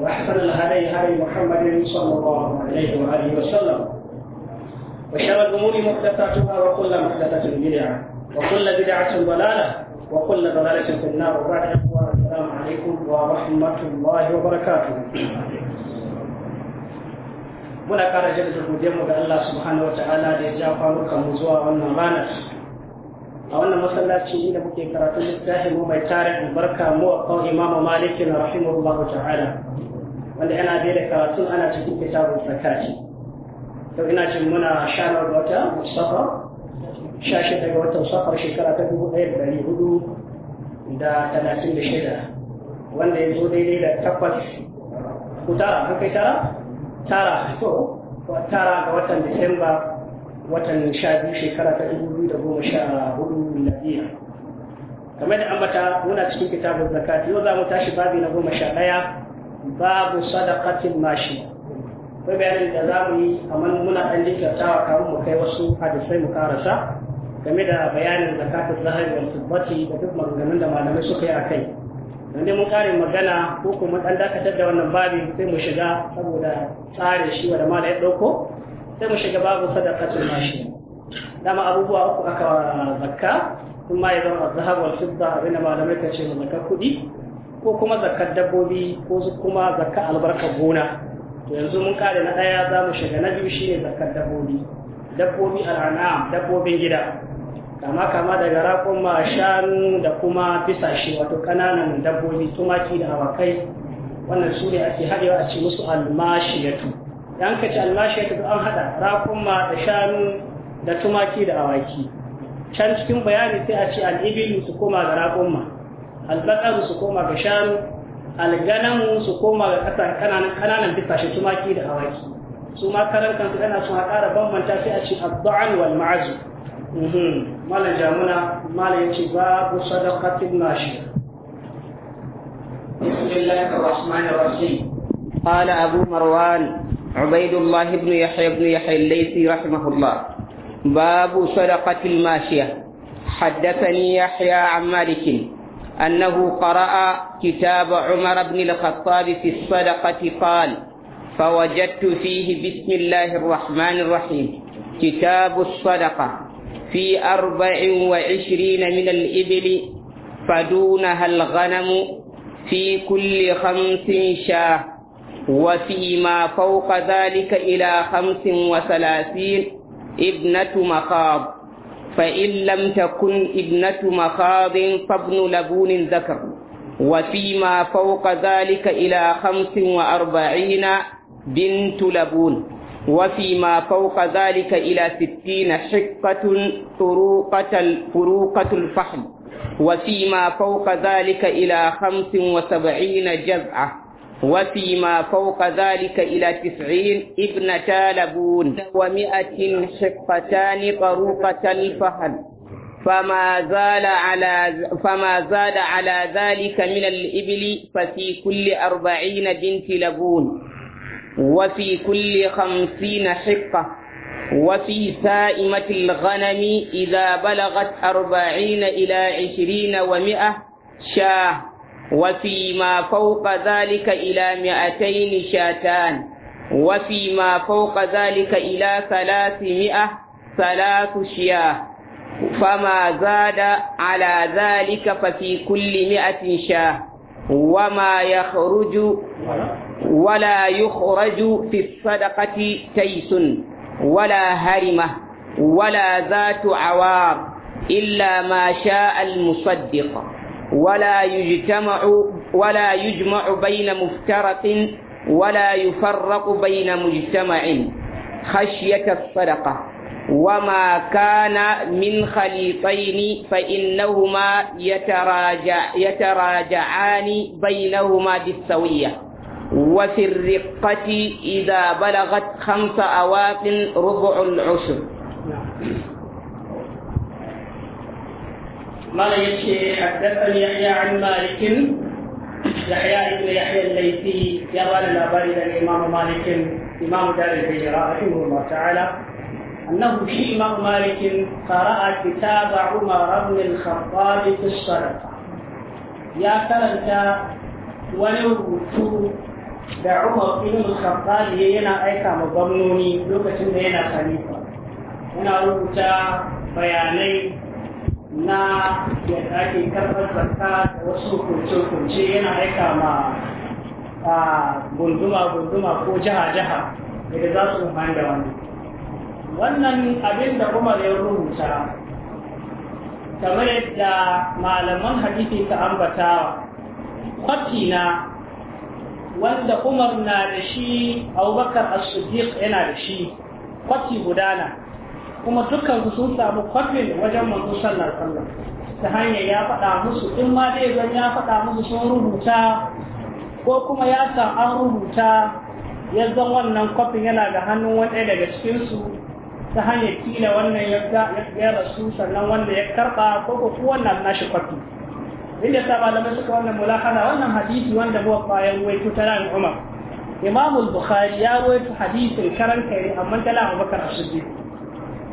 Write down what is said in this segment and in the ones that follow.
وأحسن الهدي هدي محمد صلى الله عليه وآله وسلم وشر الأمور محدثاتها وكل محدثة بدعة وكل بدعة ضلالة وكل ضلالة في النار وبعد السلام عليكم ورحمة الله وبركاته muna ƙara jaddada godiyarmu ga Allah subhanahu wa ta'ala da ya ja kwanukan mu zuwa wannan ranar a wannan masallaci inda muke karatu littafin mu mai tarin albarka mu a kan imamu malikin rahimahullahu ta'ala wanda yana da karatu ana cikin kitabun zakati to ina jin muna shanar wata musafa sha Shashi daga watan safar shekara ta dubu ɗaya da ɗari hudu da talatin da shida wanda ya zo daidai da takwas ku tara kai tara tara to tara ga watan disamba watan sha biyu shekara ta dubu biyu da goma sha hudu miladiya kamar da ambata muna cikin kitabun zakati yau za mu tashi babi na goma sha ɗaya babu sadakatin mashi akwai bayanin da za mu yi amma muna ɗan jinkirtawa kafin mu kai wasu hadisai mu karasa game da bayanin zakatun zahari wal tubbati da duk maganganun da malamai suka yi a kai wanda mun kare magana ko kuma ɗan dakatar da wannan babin sai mu shiga saboda tsarin shi wa da mala ya ɗauko sai mu shiga babu sadaqatul mashi dama abubuwa uku aka zakka kuma ya zama zahab wal fidda malamai ka ce mu zakka kuɗi ko kuma zakkar dabbobi ko kuma zakka albarka gona to yanzu mun kare na ɗaya za mu shiga na biyu shine zakkar dabbobi dabbobi al'anam dabbobin gida kama kama daga ma shanu da kuma fisashe wato kananan dabbobi tumaki da awakai wannan su ne ake haɗewa a ce musu almashiyatu da an kace Allah shi ta an hada rakuma da shanu da tumaki da awaki can cikin bayani sai a ce al-ibilu su koma ga rakuma al-baqaru su koma ga shanu al-ganamu su koma ga kasan kananan kananan bisashe tumaki da awaki su ma karan kansu ana son a ƙara bambanta sai a ce ad-da'an wal ma'azu malam jamuna malam yace babu sadaqatin nashi بسم الله الرحمن الرحيم قال أبو مروان عبيد الله بن يحيى بن يحيى الليثي رحمه الله باب صدقة الماشية حدثني يحيى عن مالك أنه قرأ كتاب عمر بن الخطاب في الصدقة قال فوجدت فيه بسم الله الرحمن الرحيم كتاب الصدقة في أربع وعشرين من الإبل فدونها الغنم في كل خمس شاه وفيما فوق ذلك إلى خمس وثلاثين ابنة مخاض فإن لم تكن ابنة مخاض فابن لبون ذكر وفيما فوق ذلك إلى خمس وأربعين بنت لبون وفيما فوق ذلك إلى ستين حقة فروقة, الفحم وفيما فوق ذلك إلى خمس وسبعين جذعة وفيما فوق ذلك إلى تسعين ابنتا لبون ومئة حقتان طروقة الفهد فما زال على فما زاد على ذلك من الإبل ففي كل أربعين بنت لبون وفي كل خمسين حقة وفي سائمة الغنم إذا بلغت أربعين إلى عشرين ومئة شاه وفيما فوق ذلك إلى مئتين شاتان وفيما فوق ذلك إلى ثلاثمائة ثلاث شياه فما زاد على ذلك ففي كل مئة شاه وما يخرج ولا يخرج في الصدقة تيس ولا هرمة ولا ذات عوار إلا ما شاء المصدق ولا يجتمع ولا يجمع بين مفترق ولا يفرق بين مجتمع خشية الصدقة وما كان من خليطين فإنهما يتراجع يتراجعان بينهما بالسوية وفي الرقة إذا بلغت خمس أواق ربع العشر mana ya ce haddasan yahya an malikin yahya ibn yahya laifi ya ba da labari da imam malikin imam dare bai yara a cikin rumar ta'ala annahu shi imam malikin fara'a kitaba umar ibn al-khattab fi ya karanta wani rubutu da umar ibn al-khattab yana aika ma gwamnoni lokacin da yana khalifa yana rubuta bayanai na yadda ake karɓar zarka da wasu hukunce-hukunce yana aika ma a gunduma-gunduma ko jiha-jiha daga za su da wani wannan abin da umar ya rubuta kamar yadda malaman hadisi ta ambatawa kwafi na wanda umar na da shi abubakar as-siddiq yana da shi kwafi gudana kuma dukkan su sun samu kwafin wajen manzo sallar sallar ta hanyar ya faɗa musu in ma dai zan ya faɗa musu sun rubuta ko kuma ya san an rubuta ya zan wannan kwafin yana da hannun wani daga cikinsu ta hanyar kila wannan ya rasu sannan wanda ya karɓa ko ko wannan nashi kwafi inda ta malamai suka wannan mulahana wannan hadisi wanda buwa bayan waito ta ran umar imamul bukhari ya waito hadisin karanta ne amma tala abubakar asiddiq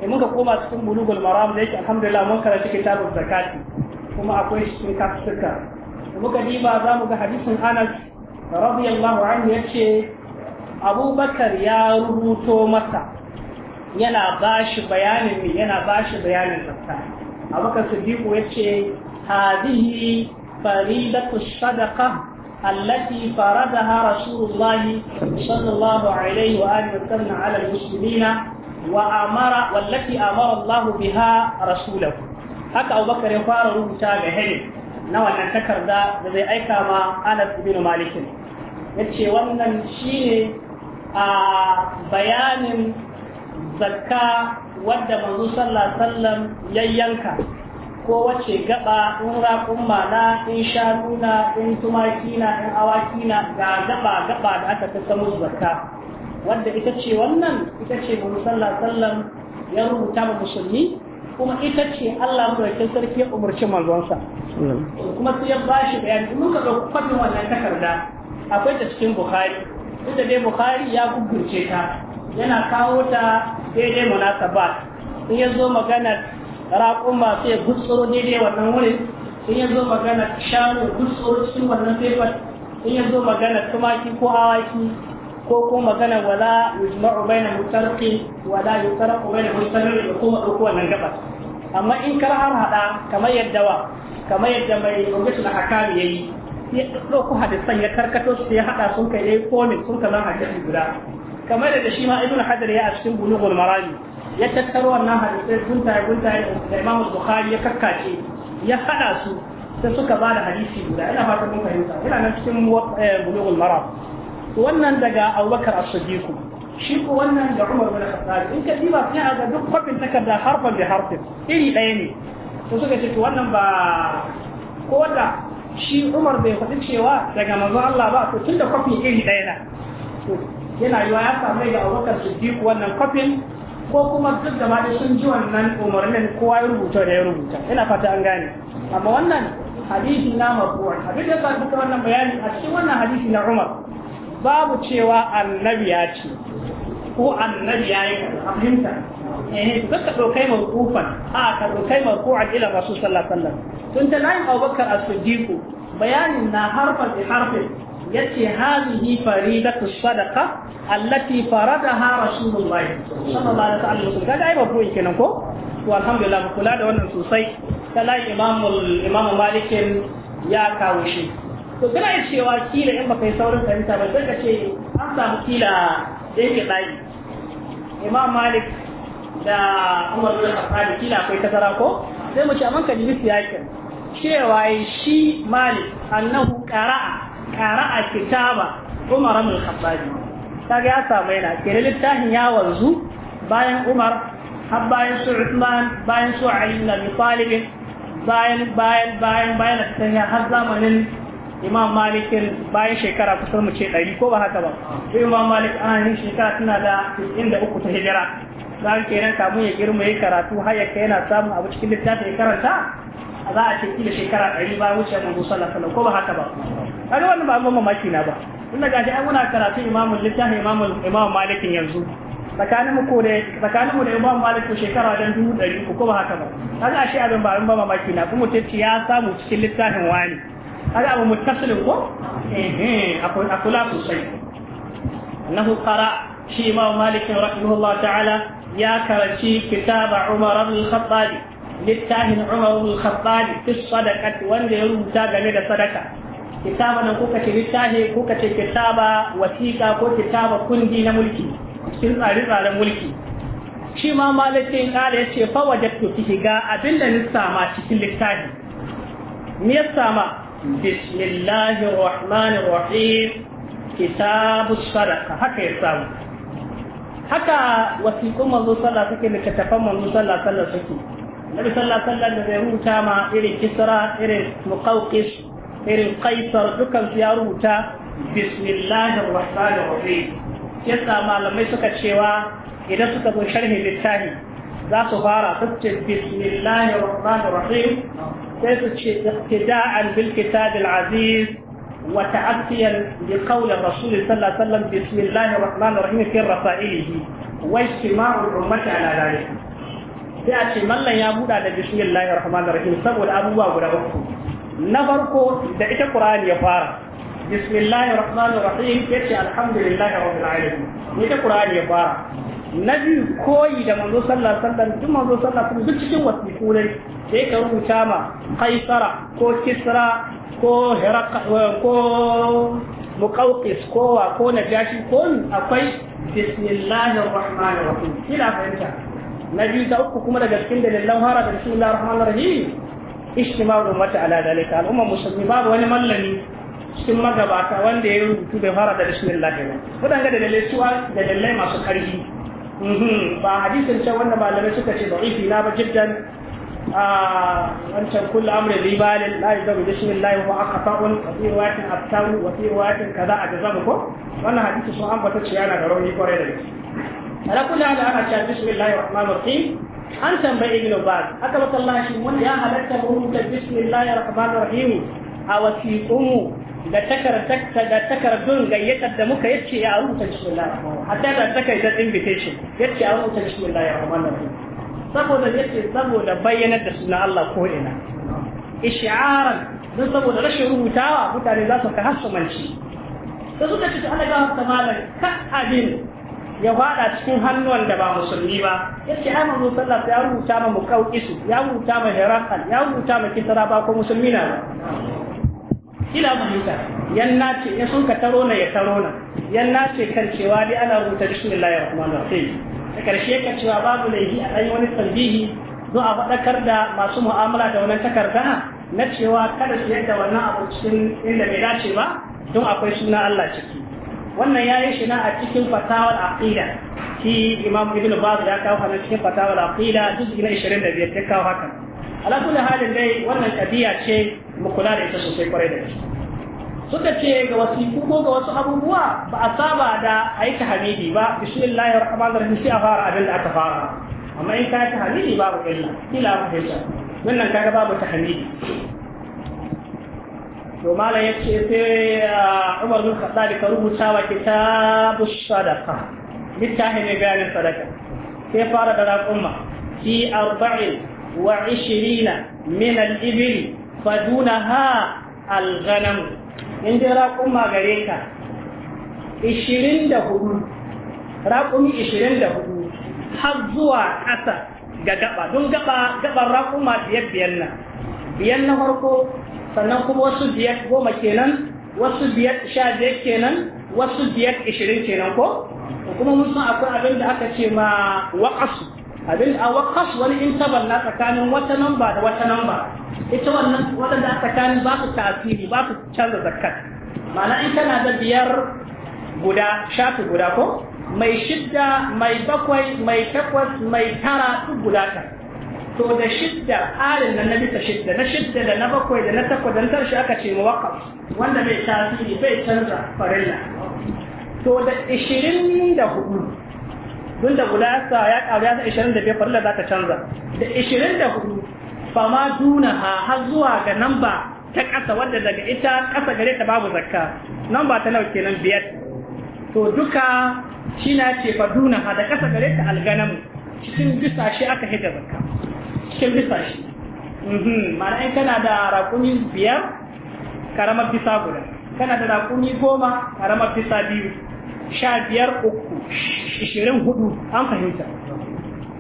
in eh, muka koma cikin bulugul maram da yake alhamdulillah mun karanta kitabun zakati kuma akwai cikin kafsuka muka diba za mu ga hadisin anas radiyallahu anhu yace abubakar ya rubuto masa yana bashi bayanin ne yana bashi bayanin zakka abubakar siddiq yace hadihi faridatu sadaqa التي فرضها رسول الله صلى الله عليه وآله وسلم على المسلمين wa amara wallati biha rasulahu haka Abu Bakar ya fara rubuta ga Hilim nawa wannan takarda da zai aika ma Anas ibn Malik yace wannan shine a bayanin zakka wadda manzo sallallahu alaihi yanka. yayyanka gaɓa, in raƙumma na in shanu na in tumaki na in awaki na ga gaba gaɓa da aka ta musu zakka wadda ita ce wannan ita ce mu sallallahu sallam ya rubuta ma musulmi kuma ita ce Allah madaukakin sarki ya umarci manzonsa kuma sai ya bashi bayani mun ka ga kwafin wannan takarda akwai ta cikin Bukhari inda dai Bukhari ya gugurce ta yana kawo ta daidai munasaba in ya zo magana raƙuma sai gutsuro daidai wannan wurin in ya zo magana shanu gutsuro cikin wannan paper in ya zo magana tumaki ko awaki ko kuma magana wala yujma'u baina mutarqi wala yutarqu baina mutarqi ko kuma ɗauko wannan gabas amma in kar har hada kamar yadda wa kamar yadda mai rubutu da hakami yayi ya ɗauko hadisan ya karkato su ya hada sun kai yayi komin sun kama hadisi guda kamar da shi ma ibnu hajar ya a cikin bulughul marami ya tattaro wannan hadisai gunta gunta da imam bukhari ya karkace ya hada su sai suka ba da hadisi guda ina fatan mun fahimta ina nan cikin eh, bulughul maram wannan daga abubakar as shi ko wannan da umar bin khattab in ka diba sai a ga duk kwafin takarda harfan da harfin iri ɗaya ne to suka ce to wannan ba ko da shi umar bai faɗi cewa daga manzon Allah ba to tunda kwafin iri ɗaya na to yana yiwa ya samu daga abubakar siddiq wannan kwafin ko kuma duk da dai sun ji wannan umarnin kowa ya rubuta da ya rubuta ina fata an gane amma wannan hadisi na mabuwa abin da ya sa wannan bayani a cikin wannan hadisi na Umar babu cewa annabi ya ce ko annabi ya yi fahimta eh duka dokai mawqufan a ka dokai mawqu'an ila rasul sallallahu alaihi wasallam tun ta nan abubakar as-siddiq bayanin na harfan bi harfin yace hadhihi faridatu sadaqa allati faradaha rasulullah sallallahu alaihi wasallam kaga ai babu kenan ko to alhamdulillah kula da wannan sosai ta lai imamul imam malikin ya kawo shi to kana iya cewa kila in baka yi saurin fahimta ba sai ka ce an samu kila da yake tsayi imam malik da umar bin khattab kila akwai kasara ko sai mu ce amma ka jibi siyakin cewa shi malik annahu qara'a qara'a kitaba umar bin khattab kaga ya samu yana kire littafin ya wanzu bayan umar har bayan su Uthman bayan su Ali ibn Abi Talib bayan bayan bayan bayan har zamanin imam malikin bayan shekara kusan mu ce ɗari ko ba haka ba sai imam malik ana yin shekara tana da inda uku ta hijira za ka kenan kamun ya girma ya karatu har ya kai yana samun abu cikin littafin ya karanta za a ce kila shekara ɗari ba wuce manzo sallallahu alaihi ko ba haka ba kaga wannan ba abin mamaki na ba tunda shi ai muna karatu imamul littafin imamul imam malikin yanzu tsakanin mu ko da tsakanin mu da imam malik ko shekara dan dubu ɗari ko ba haka ba kaga ashe abin ba abin mamaki na kuma tace ya samu cikin littafin wani هذا أبو متصل هو أقول سيد أنه قرأ شيء إمام مالك ya الله تعالى يا كرشي كتاب عمر بن الخطاب للتاهن عمر بن الخطاب في الصدقة وأن يروم تاجا kuka ce littafi kuka ce kitaba wasiƙa ko kitaba kundi na mulki cikin tsare-tsaren mulki shi ma malikin ƙara ya ce fa wajen to ki ga abin da nissa cikin littafi me ya sama بسم الله الرحمن الرحيم كتاب الصدقة هكا يساوي هكا وثيقون منذ صلى سكي لكتفهم منذ صلى صلى سكي النبي صلى الله عليه وسلم da ya rubuta ma irin kisra irin muqawqis ya rubuta bismillahir rahmanir malamai suka cewa idan suka zo sharhi littafi za su fara su ce اقتداء بالكتاب العزيز وتأتيا بقول الرسول صلى الله عليه وسلم بسم الله الرحمن الرحيم في رسائله واجتماع الأمة على ذلك sai a ce mallan ya buɗa da bismillahir rahmanir rahim saboda abubuwa guda uku na farko da ita qur'ani ya fara bismillahir rahmanir rahim yace alhamdulillahi rabbil alamin qur'ani ya fara na biyu koyi da manzo sallallahu alaihi wasallam duk manzo sallallahu alaihi wasallam duk cikin wasiƙu sai ka rubuta ma kaisara ko kisra ko eh, ko muqawqis ko wa ko najashi ko akwai bismillahir rahmanir rahim kila fahimta na biyu da uku kuma daga cikin dalilan fara da bismillahir rahmanir rahim ijtima'u ummati ala dalika al'umma musulmi babu wani mallami cikin magabata wanda ya rubutu bai fara da bismillah ba wadanda dalilai suwa dalilai masu karfi mhm, ba hadisin can wanda malamai suka ce da'ifi na ba jiddan wancan ribalin amri libalin da yuzabu bismillahi wa aqta'un wa fi riwayatin abtaru wa fi riwayatin kaza a jazamu ko wannan hadisi sun ambata ce yana da rauni kwarai da gaske ala kullu hada ana cewa bismillahi rahmanir rahim an tambayi ibn baz aka bata Allah shi mun ya halatta rahmanir rahim a wasiqum da takarda da takardun gayyatar da muka yace ya rubuta bismillahi rahmanir rahim hatta da invitation yace ya rubuta rahmanir rahim saboda yake saboda bayyanar da suna Allah ko ina ish'aran don saboda rashin rubutawa mutane za su ka hasumanci da suka ci ana ga hasa malam ka abin ya fada cikin hannuwan da ba musulmi ba Yake ai manzo sallallahu ya rubuta ma isu ya rubuta ma hirakal ya rubuta ma kisra ba ko musulmi na ba ila mahita yanna ce ya sun ka taro na ya taro na yanna ce kan cewa dai ana rubuta bismillahir rahmanir rahim da karshe ka cewa babu laifi a ɗan wani tarbihi don a faɗakar da masu mu'amala da wannan takarda na cewa kada su yadda wannan abu cikin inda bai dace ba don akwai suna Allah ciki wannan ya yi shi na a cikin fatawar aqida shi imam ibn baz ya kawo hana cikin fatawar aqida juz'i na 25 ya kawo haka ala kulli halin dai wannan kadiya ce mu kula da ita sosai kwarai da gaske suka ce ga wasiku ko ga wasu abubuwa ba a saba da a yi tahamidi ba bismillahir rahmanir rahim sai a fara abin da aka fara amma in ka yi tahamidi babu illa illa ku fahimta wannan kaga babu tahamidi to malam yace sai ah, Umar bin Khattab ka rubuta wa kitabu sadaqa ne bayanin sadaka sai fara da al'umma fi arba'in wa 20 min al-ibil fadunaha al-ghanam in dai raƙumma gare ka 24 raƙumi ishirin da hudu har zuwa ƙasa ga gaba don gaba gaban raƙumma biyar biyar na biyar na farko sannan kuma wasu biyar goma kenan wasu biyar sha biyar kenan wasu biyar ishirin kenan ko kuma mun san akwai abin da aka ce ma waƙasu abin a waƙasu wani intabal na tsakanin wata namba da wata namba ita wannan waɗanda a tsakanin ba su tasiri ba su canza zakat ma'ana in kana da biyar guda shafi guda ko mai shidda mai bakwai mai takwas mai tara su guda ta to da shidda alin nan na bisa shidda na shidda da na bakwai da na takwas da na tarshe aka ce ma muwakkaf wanda bai tasiri bai canza farilla to da ishirin da hudu tun da guda ya ƙaru ya sa ishirin da biyar farilla za ta canza da ishirin da hudu fama ha har zuwa ga namba ta ƙasa wadda daga ita ƙasa gare ta babu zakka namba ta nawa kenan biyar to duka shi na ce fa ha da ƙasa gare ta alganamu cikin bisa shi aka hidda zakka cikin bisa shi mhm. ma'ana in kana da raƙumi biyar karamar bisa guda kana da raƙumi goma karamar bisa biyu sha biyar uku ishirin hudu an fahimta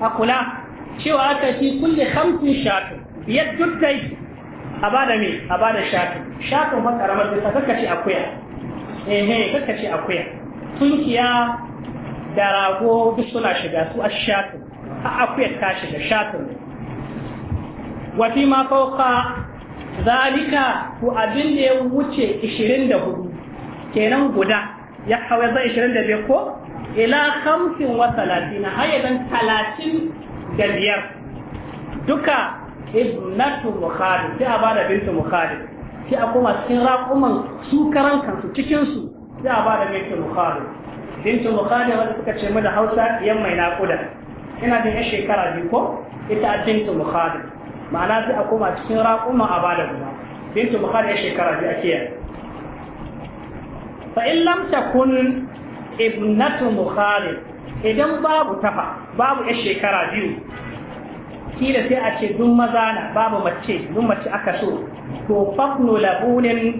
a kula cewa aka fi kulle hamsin shatu ya duk a ba da me a ba da shatu shatu ba karamar da kaka ce akuya ehe kaka ce akuya tunkiya da rago duk suna shiga su a shatu a akuya ta shiga shatu wafi ma fauka zalika ku abin da ya wuce 24 kenan guda ya hawa zai 25 ko ila 35 na, yanzu 30 da biyar duka ibnatu mukhalid sai a bada bintu mukhalid sai a koma cikin raƙuman su karan kansu cikin su sai a bada bintu mukhalid bintu mukhalid wanda suka ce mu Hausa yan mai naƙuda ina da yan shekara biyu ko ita bintu mukhalid ma'ana sai a koma cikin raƙuman a bada guda bintu mukhalid yan shekara biyu ake yi fa in lam ibnatu mukhalid idan babu tafa babu yar shekara biyu kila sai a ce dun maza na babu mace dun mace aka so to fafno labunin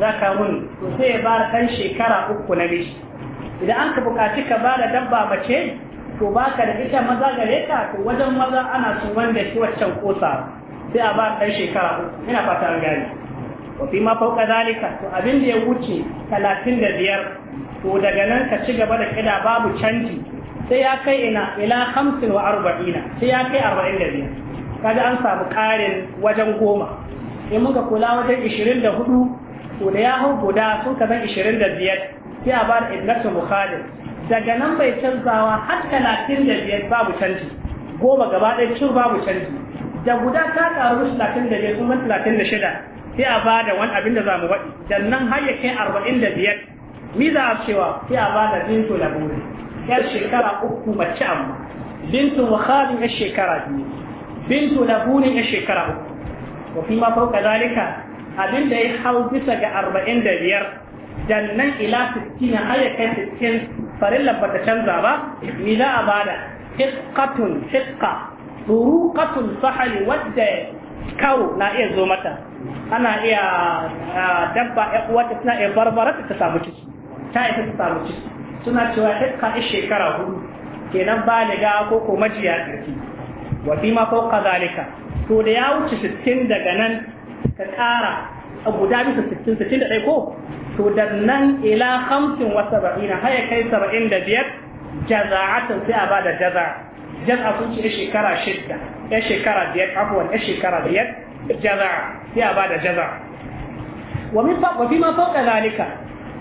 ka wuni to sai ya ba kan shekara uku na mishi idan an ka bukaci ka ba da dabba mace to baka da ita maza gare ka to wajen maza ana son wanda shi waccan kosa sai a ba kan shekara uku yana fata an Ko wa fi ma fauka zalika to abin da ya wuce talatin da biyar, to daga nan ka ci gaba da kida babu canji sai ya kai ina ila hamsin wa arba'ina sai ya kai arba'in da biyar kaga an samu karin wajen goma in muka kula wajen ishirin da hudu to da ya hau guda sun ka zan ishirin da biyar sai a ba da ibnatu mukhalif daga nan bai canzawa har talatin da biyar babu canji goma gaba ɗaya cin babu canji da guda ta karu talatin da biyar sun talatin da shida sai a ba da wani abin da za mu waɗi da nan har ya kai arba'in da biyar mi za a cewa sai a ba da zinto labori yar shekara uku mace amma bintu wa khalin yar shekara biyu bintu labuni yar shekara uku wa fi ma fauka zalika abin da ya hau bisa ga arba'in da biyar nan ila sittin har ya kai sittin farilla bata canza ba ni za a bada hiqqatun hiqqa turuqatun sahali wadda kawo na iya zo mata ana iya ah, dabba ya uwata tana iya barbara ta samu ciki ta isa ta samu ciki suna cewa hikka a shekara hudu da baliga ko ko majiya tsarki wa fi ma fawqa zalika to da ya wuce 60 daga nan ka ƙara a guda bisa 60 61 ko to da nan ila 75 har ya kai 75 jaza'atan sai a bada jaza. Jaza sun ce shekara shidda ya shekara biyar afwan ya shekara biyar jaza. sai a bada jaza'a wa wa fi ma fawqa zalika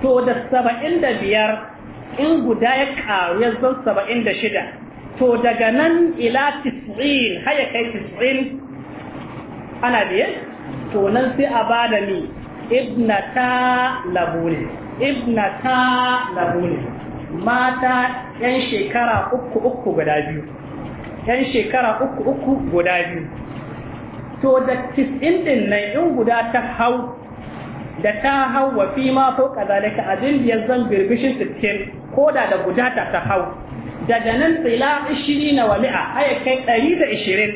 to da 75 in guda ya karu ya zo saba'in da shida to daga nan ila tis'in haya kai tis'in ana biye to nan sai a ba da ni ibnata labuni ibnata labuni mata yan shekara uku uku guda biyu yan shekara uku uku guda biyu to da tis'in din nan in guda ta hau da ta hau wa fi ma fauka zalika abin da ya zan birbishin sittin ko da da guda ta ta hau daga nan tsila ishirina na mi'a haya kai ɗari da ishirin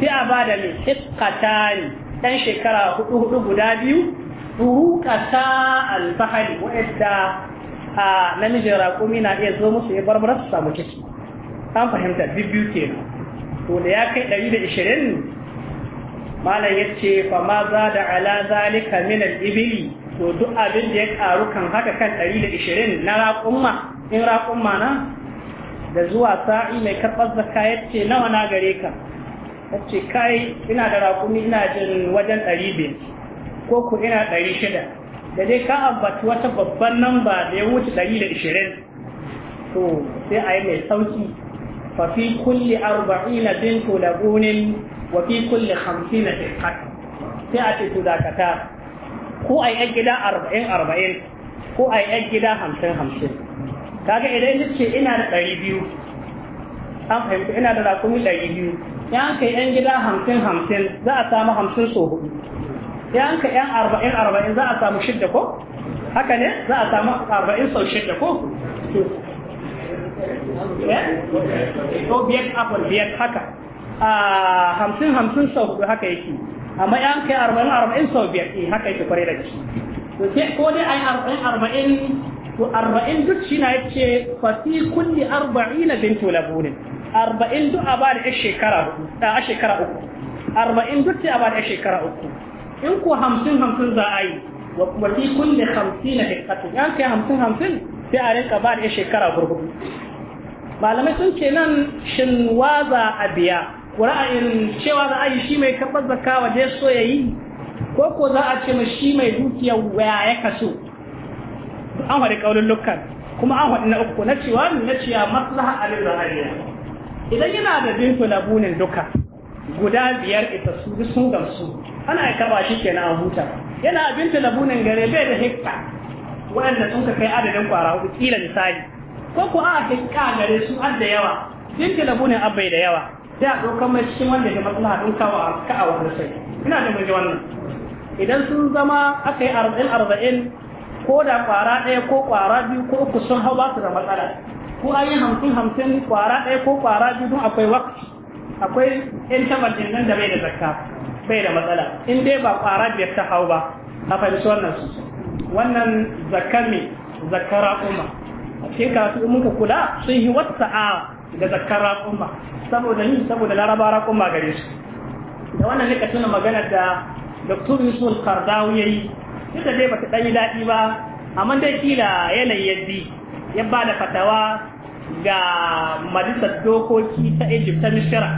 sai a ba da mai hiskatani ɗan shekara hudu hudu guda biyu turukata alfahari waɗanda a namijin raƙumi na iya zo musu ya barbara su samu kisu an fahimta biyu ke to da ya kai ɗari da ishirin malam ya ce fa ma za da ala zalika min al-ibili to duk abin da ya karu kan haka kan 120 na raƙumma in raƙumma na da zuwa sa'i mai karɓar zaka ya ce nawa na gare ka ya ce kai ina da raƙumi ina jin wajen 200 ko ku ina 600 da dai ka ambata wata babban namba da ya wuce 120 to sai a yi mai sauki fa fi kulli 40 bin lagunin wa fi kulli 50 sai a ce to dakata ko a yan gida arba'in arba'in ko a yan gida hamsin hamsin kaga idan ni ce ina da ɗari biyu an fahimta ina da rakumi ɗari biyu yan kai yan gida hamsin hamsin za a samu hamsin so hudu yan ka yan arba'in arba'in za a samu shidda ko haka ne za a samu arba'in sau shidda ko ko eh? biyar apple biyar haka a ah, hamsin hamsin sau hudu haka yake amma yan kai arba'in arba'in sau biyar eh haka yake kwarai da gaske to sai ko dai ai arba'in arba'in to arba'in duk shi na yace fa fi kulli arba'ina bintu labunin arba'in duk a bada yar shekara hudu a shekara uku arba'in duk sai a bada yar shekara uku in ko hamsin hamsin za a yi wa fi kulli hamsina hikatu yan kai hamsin hamsin sai a rinka bada yar shekara gurgudu malamai sun ce nan shin waza a biya ra'ayin cewa za a yi shi mai karɓar zakka waje so ya yi ko ko za a ce shi mai dukiya waya ya kaso an faɗi ƙaunin lukkan kuma an faɗi na uku na cewa na cewa maslaha alil ra'ayya idan yana da bintu labunin duka guda biyar ita su sun gamsu ana ya kaba shi kenan a huta yana bintu labunin gare bai da hikka waɗanda sun ka kai adadin kwara hudu kila misali ko ko a hikka gare su har da yawa bintu labunin abai da yawa da a ɗaukar mai cikin wanda ke maslaha ɗin kawo a ka'a wa harshe ina da mai wannan idan sun zama aka yi arba'in arba'in ko da kwara ɗaya ko kwara biyu ko uku sun hau ba su da matsala ko an yi hamsin hamsin kwara ɗaya ko kwara biyu don akwai wakti akwai ƴan ɗin nan da bai da zakka bai da matsala in dai ba kwara biyar ta hau ba Na fahimci wannan su wannan zakami, ne zakkara umma a cikin karatu in muka kula sun yi wata sa'a da zakkar raƙumma saboda ni saboda laraba raƙumma gare su da wannan ne tuna magana da dr yusuf kardawu ya yi duk da dai ba ta ɗan daɗi ba amma dai kila yanayi yaddi ya ba da fatawa ga majalisar dokoki ta egypt ta mishira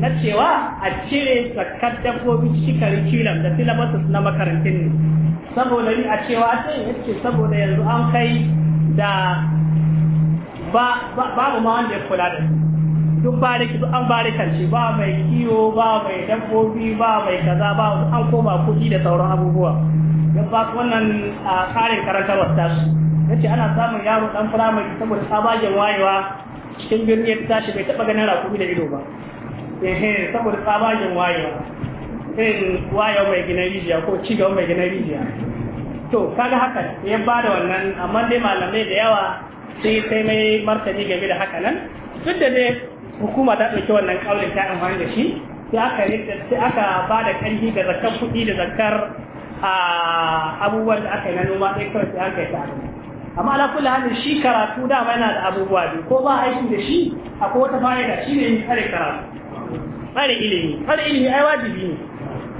na cewa a cire zakkar dabbobi cikin kilan da syllabuses na makarantin ne saboda ni a cewa ta yi saboda yanzu an kai da babu ma wanda ya kula da su duk bariki duk an barikance ba mai kiwo ba mai dabbobi ba mai kaza ba an koma kuɗi da sauran abubuwa ya ba wannan a tsarin karanta wasta su ya ce ana samun yaro ɗan firamare saboda tsabagen wayewa cikin birni ya tashi bai taɓa ganin rakumi da ido ba ehe saboda tsabagen wayewa irin wayewa mai gina rijiya ko cigaba mai gina rijiya to kaga haka ya ba da wannan amma dai malamai da yawa sai sai mai martani game da haka nan duk da dai hukuma ta ɗauki wannan ƙaunin ta amfani da shi sai aka sai aka ba da ƙarfi da zakar kuɗi da zakar abubuwan da aka yi na noma sai kawai sai aka yi ta amma ala kulli halin shi karatu da yana da abubuwa biyu ko ba aiki da shi akwai wata fa'ida shi ne tsare karatu tsare ilimi tsare ilimi ai wajibi ne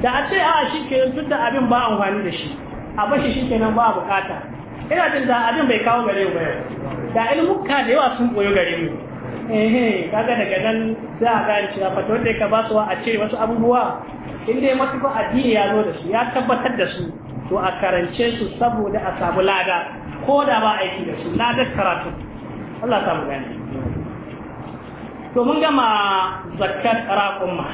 da a ce a shi ke duk da abin ba amfani da shi a bashi shi kenan ba bukata ina jin da abin bai kawo gare mu ba da ilmuka da yawa sun koyo gare mu eh kaga daga nan za a gane cewa to da ka ba su a ce wasu abubuwa in dai matuƙa addini ya zo da su ya tabbatar da su to a karance su saboda a samu lada ko da ba aiki da su ladar karatu Allah ta mu gani to mun gama zakat raqumma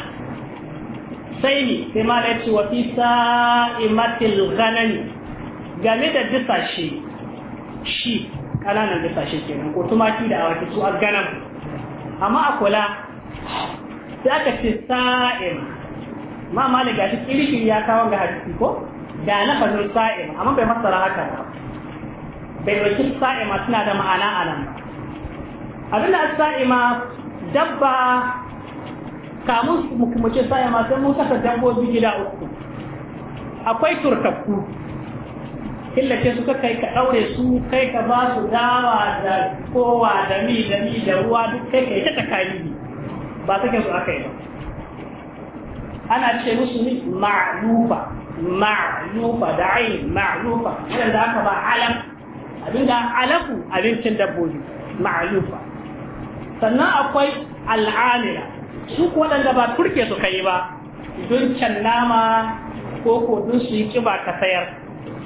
sai ni sai ma da ce wa fi sa'imatil ghanani game da disashe shi kananan gasashe kenan ko tumaki da awaki su a ganam amma a kula sai aka ce sa'im ma malik gashi kirkin ya kawo ga hadisi ko da na fazin sa'im amma bai masara haka ba bai ɗauki sa'ima suna da ma'ana a nan ba abin da sa'ima dabba kamun mu ce sa'ima sai mun kasa dabbobi gida uku akwai turkakku killace su kai ka daure su kai ka ba su dawa da kowa da mi da mi da ruwa duk kai ka ta kai takalibi ba sake su aka yi ba ana ce musu ni ma'lufa ma'lufa da ayin ma'lufa idan da aka ba alam abinda alafu abincin dabbobi ma'lufa sannan akwai al'amira su ko waɗanda ba turke su kai ba dun can nama ko ko dun su yi kiba ka sayar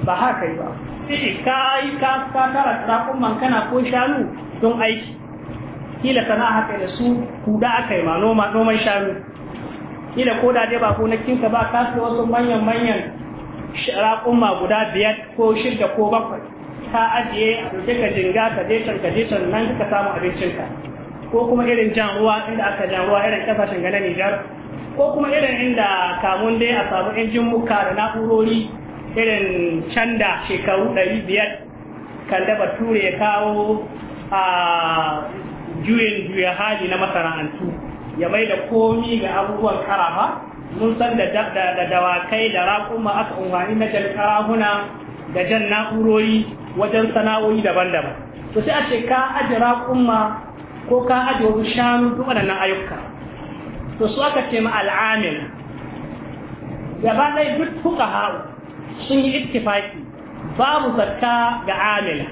ba haka yi ba ka yi ka tara raƙumman kana ko shanu don aiki kila sana'a haka da su kuda aka yi ma noma noman shanu kila ko da dai ba ka ba ka su wasu manyan manyan raƙumma guda biyar ko shida ko bakwai ka ajiye a ɗauke ka jinga ka je can ka je can nan ka samu abincin ka. ko kuma irin jan ruwa inda aka jan ruwa irin kasashen gane Nijar ko kuma irin inda kamun dai a samu injin muka da na'urori irin canda shekaru ɗari biyar kan da bature ya kawo a juyin juya hali na masana'antu ya mai da komi ga abubuwan karafa mun san da dawakai da raƙuma aka umarni na jan karahuna da jan na'urori wajen sana'o'i daban-daban to sai a ce ka aji raƙuma ko ka aji wasu shanu duk waɗannan ayyuka to su aka ce ma al'amil gaba ɗaya duk fuka sun yi ittifaki babu zakka ga amila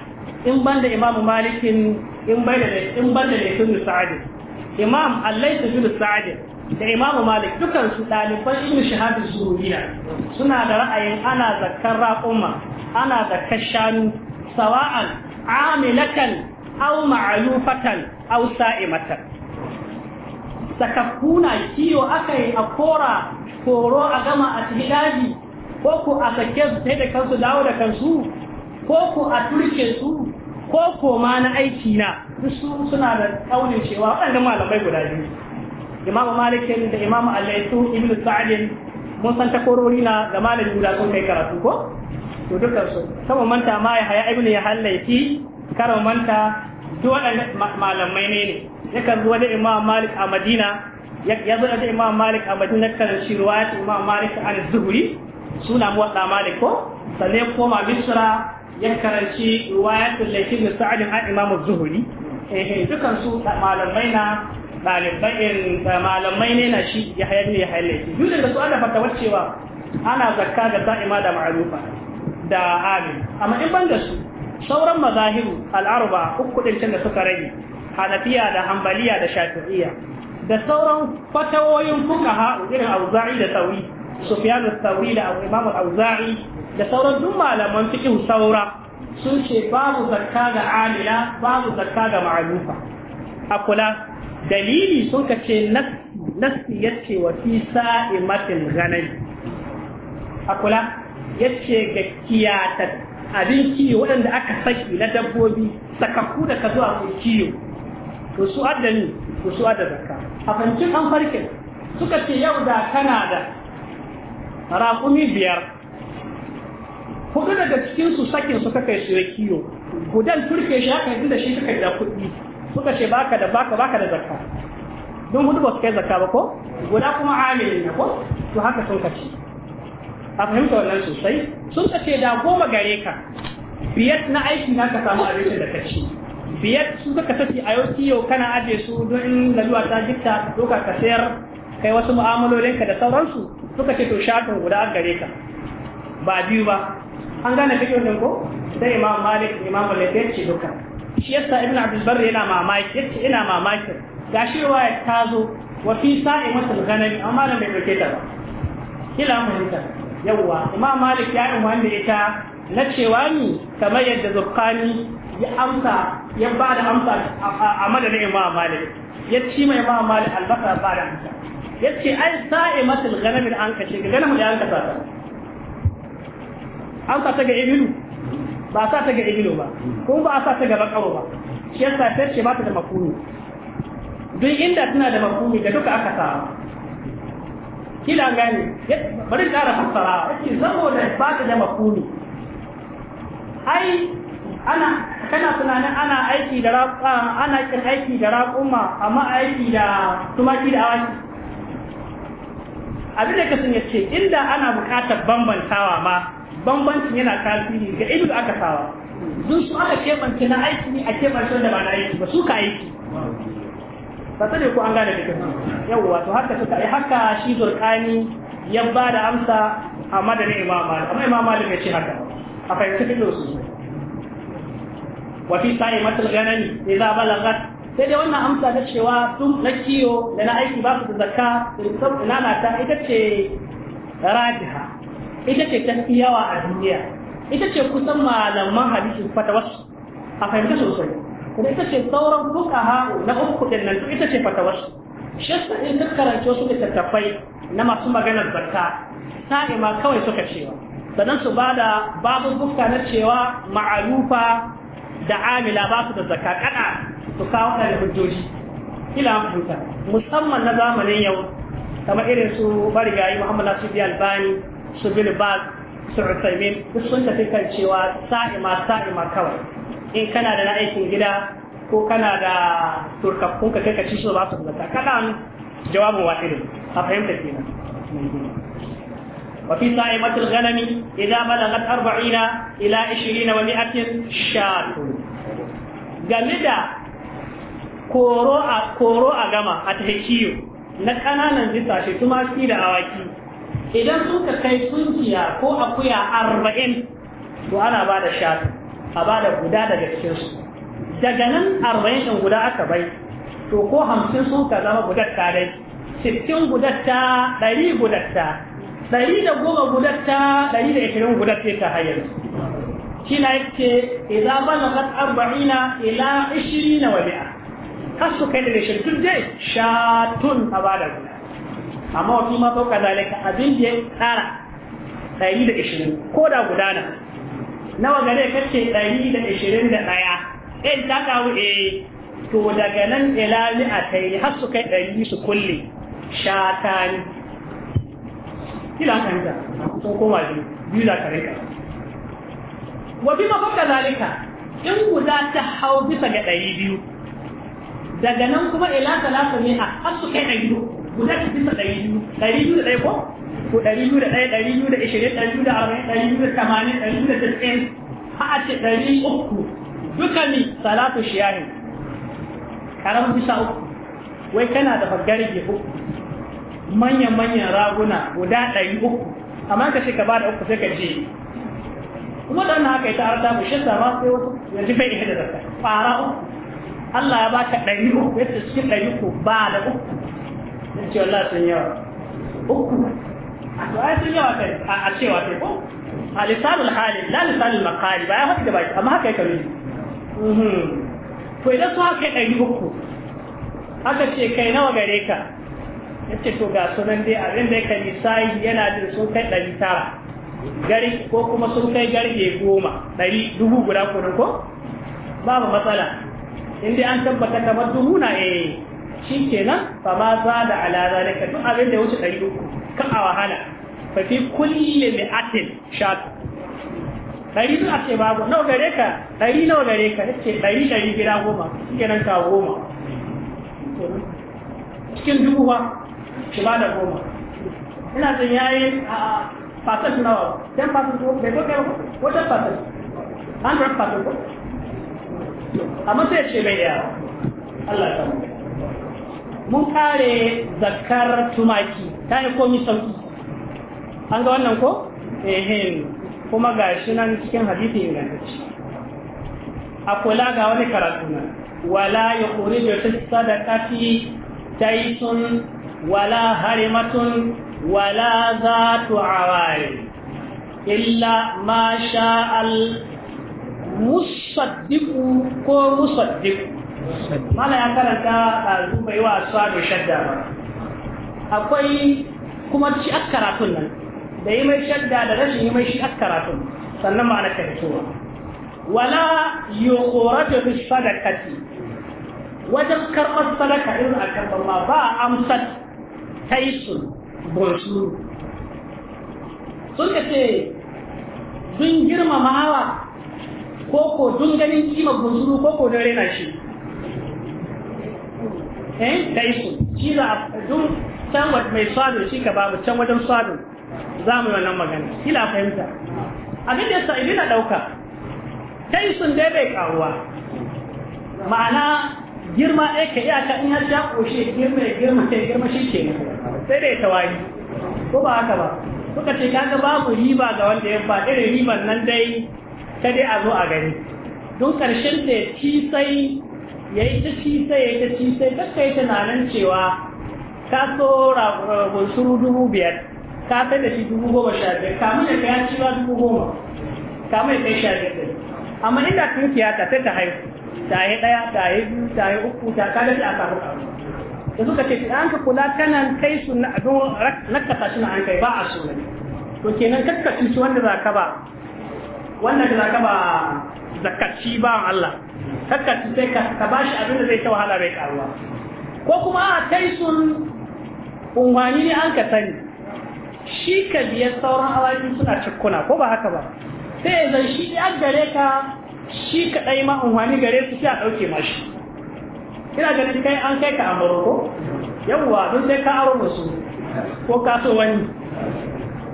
in banda imam malikin in da in da laifin sa'ad imam al su sa'adi da imam malik dukkan su daliban shahadar su rubiya suna da ra'ayin ana zakkar raƙuma ana zakkar shanu sawa'an amilatan aw ma'lufatan aw sa'imatan sakafuna kiyo akai a kora koro a gama a daji ko ku a sake su sai da kansu dawo da kansu ko ku a turke su ko ko ma na aiki na su suna da kaunin cewa waɗannan malamai guda biyu imam malikin da imam alaitu ibnu sa'adin mun san takorori na da malamin guda sun kai karatu ko to dukkan su sama manta ma ya haya ibnu ya hallaiti karo manta duk waɗannan malamai ne ne yakan zuwa da imam malik a madina ya zo da imam malik a madina kan shirwa ruwayat imam malik an zuhuri suna muwaɗa malik ko sannan koma misra ya karanci ruwayatul laifin da sa'adin an imamu zuhuri dukan su malamai na eh, malamai ne na shi ya hayar ya hayar laifi da su ana fata wacewa ana zakka da sa'ima da ma'arufa da amin amma in ban da su sauran mazahiru al'arba uku ɗin can da suka rage hanafiya da hambaliya da shafi'iya. da sauran fatawoyin fuka irin auza'i da tsawi sufyan al-thawri da imam al-auza'i da sauran duk malaman fiqh saura sun ce babu zakka ga alila babu zakka ga ma'alufa a kula dalili sun kace ce nasi ya wa fi sa'imatin ganai a kula ya ce ga kiyata abin kiyo waɗanda aka saki na dabbobi sakakku da ka zuwa mai kiyo to su adda ni to su adda zakka a fancin an farke suka ce yau da kana da raƙumi biyar hudu daga cikin su sakin su kai su ya kiyo gudan turke shi haka inda shi suka da kuɗi suka ce baka da baka baka da zakka don hudu ba su kai zakka ba ko guda kuma amili na ko to haka sun kaci a fahimta wannan sosai sun kace da goma gare ka biyar na aiki na ka samu abincin da kaci biyar su suka tafi a yau kiyo kana aje su don in laluwa ta jikta doka ka sayar kai wasu mu'amalolinka da sauransu suka ce to shafin guda gare ka ba biyu ba an gane fikin wannan ko sai imam malik imam al ya ce duka shi yasa ibn abdul barri yana mamaki yace ina mamaki gashi ruwaya ta zo wa fi sa'imatul ghanami amma nan bai dauke ta ba kila mun ta yawa imam malik ya yi wanda ta na cewa ni kamar yadda zukkani ya amsa ya ba da amsa a madadin imam malik ya ci mai imam malik albasa ba da amsa yace ai sa'imatul ghanam an kace ga ganamu da an kasa ta an sa ta ga ibilu ba sa ta ga ibilu ba ko ba sa ta ga bakaro ba shi yasa ta ce ba ta da mafuni duk inda tana da makuni da duka aka sa kila gani bari ƙara fassara yace saboda ba ta da makuni ai ana kana tunanin ana aiki da ana kin aiki da raƙuma amma aiki da tumaki da awaki abin da kasan yace inda ana buƙatar bambantawa ma bambancin yana tasiri ga ido da aka sawa duk su aka kebance na aiki ne a kebance wanda ba na aiki ba su ka aiki ba ne ko an gane da yau yawwa to haka suka yi haka shi zurkani ya ba da amsa a madadin imam malik amma imam malik ya ce haka a fahimci fiɗo su wa fi matal ganani idza balagat sai dai wannan amsa ta cewa sun na kiyo da na aiki ba su da zakka sun lalata ita ce rajiha ita ce ta fi yawa a duniya ita ce kusan malaman hadisin fatawas a fahimta sosai kuma ita ce sauran kuka ha na uku din nan ita ce fatawas shi sa in ka karanci wasu littattafai na masu maganar zakka ma kawai suka cewa sannan su bada babu bukka na cewa ma'alufa da amila ba su da zakka kada su kawo da hujjoji kila hujja musamman na zamanin yau kamar irin su barigayi Muhammad Nasiru Albani su Bin su Utsaimin sun tafi kan cewa sa'ima sa'ima kawai in kana da na aikin gida ko kana da turkakkun ka kai ka ci su ba su da zaka kada jawabin wahidin a fahimta kenan وفي صائمة الغنم إذا بلغت أربعين إلى عشرين ومائة شاة جمدا كورو كورو أجمع أتهكيو نكنا ننزل تاشي ثم أكيد أواكي إذا سوك كي سنتيا كو أقويا أربعين وأنا بعد شاة أبعد بدادة جسوس daga nan arba'in ɗin guda aka bai to ko hamsin sun ka zama gudatta dai sittin gudatta ɗari ɗari da goma gudatta ɗari da ishirin gudatta ta hayar shi na yake idan balagat arba'ina ila ishirina wa mi'a har su kai da rashin duk dai shatun a bada guda amma wafi ma sauka zalika abin da ya tsara ɗari da ishirin ko da gudana nawa gare kace ɗari da ishirin da ɗaya ɗin eh, ta kawo eh to daga nan ila mi'a ta yi har su kai ɗari su kulle shatani kila an fahimta ko koma biyu biyu za ka rinka wa bi mafaka zalika in guda ta hau bisa ga ɗari biyu daga nan kuma ila talata ne a har a kai ɗari guda ta bisa ɗari biyu ɗari biyu da ɗaya ko ko ɗari biyu da ɗaya ɗari biyu da ishirin ɗari biyu da arba'in ɗari biyu da tamanin ɗari biyu da tasa'in har a ce ɗari uku duka ni salatu shiyarin karamin bisa uku wai kana da baggarge uku manya-manyan raguna guda ɗari uku amma ka ce ka ba da uku sai ka ce kuma da haka ita arta mu shi sama sai wasu yanzu bai ihe da zaka fara uku Allah ya baka ɗari uku yadda cikin ɗari uku ba da uku ya ce Allah sun yawa uku a to ai sun yawa kai a cewa sai ko a lisanul hali la lisanul maqali ba ya haka da baki amma haka ya kalli mhm. to idan su haka ɗari uku aka ce kai nawa gare ka yace to ga sunan dai abin da yake misali yana da sun kai ɗari tara gari ko kuma sun kai garge goma ɗari dubu guda kuɗi ko babu matsala in dai an tabbata kamar dubu na eh shi kenan fa ma za da ne ka duk abin da ya wuce ɗari uku kan a wahala fa fi kulli mi'atin shatu ɗari duk a ce babu nawa gare ka ɗari nawa gare ka yace ɗari ɗari gida goma shi kenan ka goma cikin dubu ba ki ba da goma ina jin yayi a fasas nawa dan fasas ko bai ko kai ko ta fasas an ran fasas ko amma sai ce bai da Allah ya samu mun kare zakar tumaki ta yi komi sauki an ga wannan ko ehe kuma ga shi nan cikin hadisi ingantacce a kula ga wani karatu nan wala ya kuri da ta ta sadaqati taytun ولا هرمة ولا ذات عوارض إلا ما شاء المصدق كو مصدق ما لا يكرنتا الزوبة وأصحاب الشدة أقوي kuma ci akkaratun nan da yi mai shadda da rashin yi mai shi akkaratun sannan ma'ana ta fitowa wala yuqratu bis sadaqati wajen karɓar sadaka irin a karɓar ma ba amsar taisun bonsu sun ce dun girmama hawa ko ko dun ganin kima bonsu ko ko don rena shi eh taisun shi za a dun can mai sado shi ka babu can wajen sado za mu yi wannan magana kila fahimta abin da sa ibi na ɗauka taisun dai bai karuwa ma'ana girma ɗaya ka iyaka in har ta ƙoshe girma ya girma ya girma shi ke sai dai wani ko ba haka ba suka ce kaga babu riba ga wanda ya fa irin riban nan dai ta dai a zo a gani don ƙarshen da ya ci sai ya yi ta ci sai ya yi ta ci sai kakkai tunanin cewa ka so gunsuru dubu biyar ka sai da shi dubu goma sha biyar kamun da ya ci ba dubu goma kamun da ya sha biyar amma inda tunkiya ka sai ta haihu taye ɗaya taye biyu taye uku ta kada a aka ruka da suka ce an ka kula kana kai su na abin rakkata shi na an kai ba a so to kenan kakka cuci wanda za ka ba wanda da za ka ba zakaci ba Allah kakka sai ka ba shi abin da zai ta wahala bai karuwa ko kuma a kai sun unwani ne an ka sani shi ka biya sauran awaki suna cikkuna ko ba haka ba sai ya zan shi an gare ka shi kaɗai ma unhwani gare su sai a ɗauke mashi ina ganin kai an kai ka amaro ko yawwa don sai ka aro musu ko ka so wani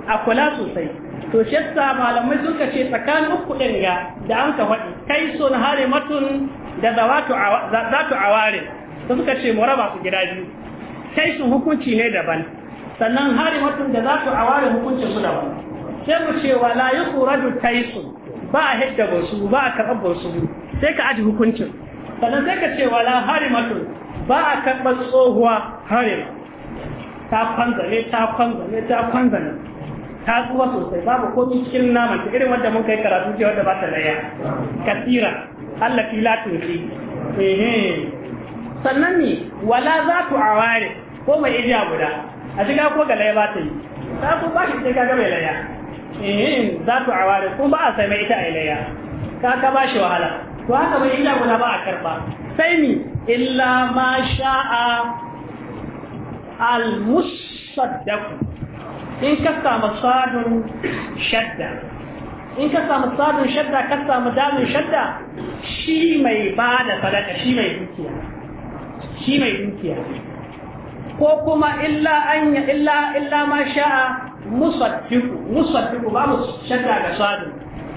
a kula sosai to shi yasa malamai suka ce tsakanin uku ɗin ga da an ka faɗi kai so na hare matun da ta aware to suka ce mu raba su gida biyu kai su hukunci ne daban sannan hare matun da ta aware hukuncin su daban sai mu ce wala kai kaisun ba a hidda su ba a karɓar su sai ka aji hukuncin sannan sai ka ce wala harimatu ba a karɓar tsohuwa harima ta kwanzane ta kwanzane ta kwanzane ta tsuwa sosai babu komi cikin naman ta irin wanda mun kai karatu ce wanda ba ta laya kasira Allah fi la sannan ne wala za ku a ware ko mai ijiya guda a shiga ko ga laya ba ta yi ta ko ba shi sai ka ga mai laya eh za ku aware kuma ba a sai ita a ilayya ka ka ba shi wahala to haka bai illa guda ba a karba sai ni illa ma sha'a al musaddaq in ka samu sadun shadda in ka samu sadun shadda ka samu damun shadda shi mai ba da sadaka shi mai dukiya shi mai dukiya ko kuma illa an illa illa ma sha'a musaddiqu musaddiqu ba mu shakka ga sadin.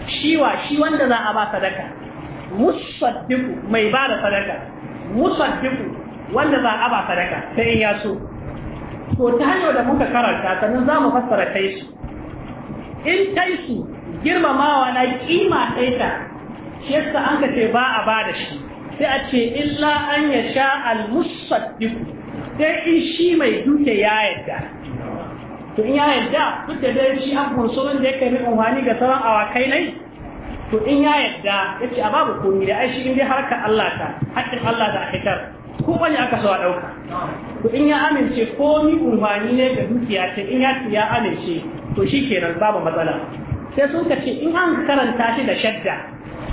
shi wa shi wanda za a ba sadaka musaddiqu mai ba da sadaka musaddiqu wanda za a ba sadaka sai in ya so to ta hanyar da muka karanta sannan za mu fassara kai su in kai su girmamawa na kima ɗaita shi yasa an ka ce ba a ba da shi sai a ce illa an ya sha al-musaddiqu sai in shi mai duke ya yadda to in ya yadda duk da dai shi an kunsurin da yake min amfani ga sauran awakai nai to in ya yadda ya ce a babu komi da aishi in dai harkar Allah ta haƙƙin Allah da a ko wani aka so a ɗauka to in ya amince komi amfani ne ga dukiya ce in ya ya amince to shi kenan babu matsala sai sun ka ce in an karanta shi da shadda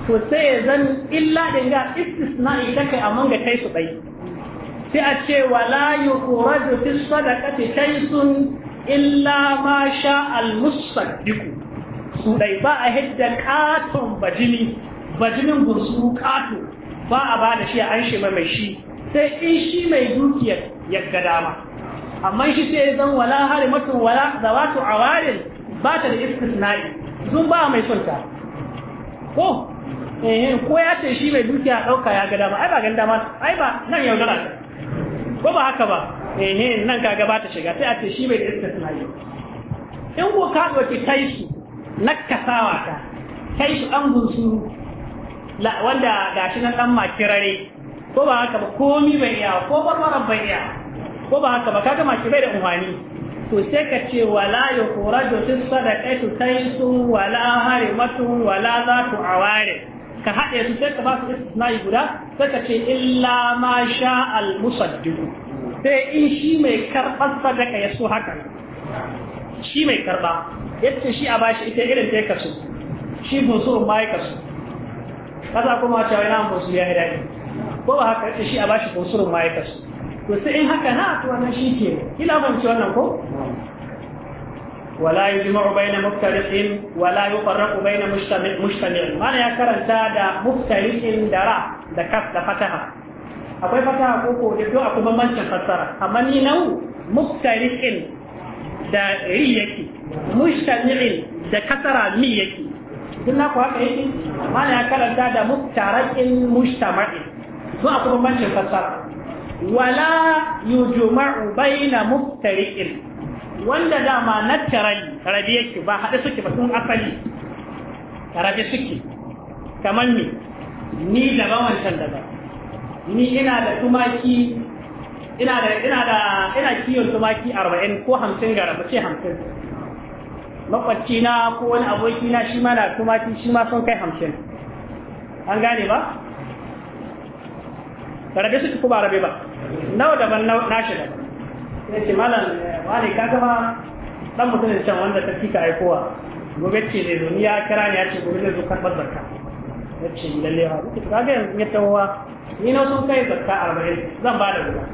to sai ya zan illa da ga istisna'i da kai amma ga kai su bai sai a ce wala yuqradu fi sadaqati shay'un illa ma sha al-musaddiqu su dai ba a hidda katon bajini bajinin gursuru kato ba a ba da shi an shi mai shi sai in shi mai dukiyar ya ga dama amma shi sai zan wala harimatu wala zawatu awarin ba ta da istisna'i sun ba mai sunta ko eh ko ya ce shi mai dukiya dauka ya ga dama ai ba ganda ma ai ba nan yaudara ko ba haka ba eh nan kaga ba ta shiga sai a ce shi bai da istisnai in ko ka ɗauki kai su nakasawa ka, kai su an gunsu wanda shi nan dan makirare ko ba haka ba komi bai iya ko barbaran bai iya ko ba haka ba kaga maki bai da umani to sai ka ce wala yukhraju su, kai kaisu wala matu wala zatu aware ka haɗe su sai ka ba su istisnai guda sai ka ce illa ma sha al musaddiqu sai in shi mai karɓar sadaka ya so haka shi mai karɓa yadda shi a bashi ita irin ta ya shi bunsurin ma ya kasu kasa kuma cewa yana bunsur ya hidari ko ba haka yadda shi a bashi bunsurin ma ya kasu to sai in haka na to wannan shi ke ila ban ci wannan ko ولا يجمع بين مفترق ولا يفرق بين مجتمع مجتمع mana ya karanta da مفترق dara da كف da fataha akwai fata ko ko da a kuma bambancin fassara amma ni nau muftariqin da ri yake mushtami'in da kasara mi yake duk na ku haka yake amma ya karanta da muftariqin mushtama'in a kuma bambancin fassara wala yujma'u baina muftariqin wanda dama na tarani rabi yake ba haɗe suke ba sun asali rabi suke kamar ni ni daban wancan daban ni ina da tumaki ina da ina da ina kiyon tumaki 40 ko 50 gara ba ce 50 makwacci na ko wani aboki na shi ma na tumaki shi ma sun kai 50 an gane ba rabe su ko ba rabe ba nawa daban na shi da sai ce malam wani ka gama dan mutum can wanda ta fika aikowa gobe ce ne duniya kira ne ya ce gobe zai zo karɓar zakka wacce ce lalle ha duk kaga yanzu ya tawowa ni na sun kai zakka arba'in zan ba da guda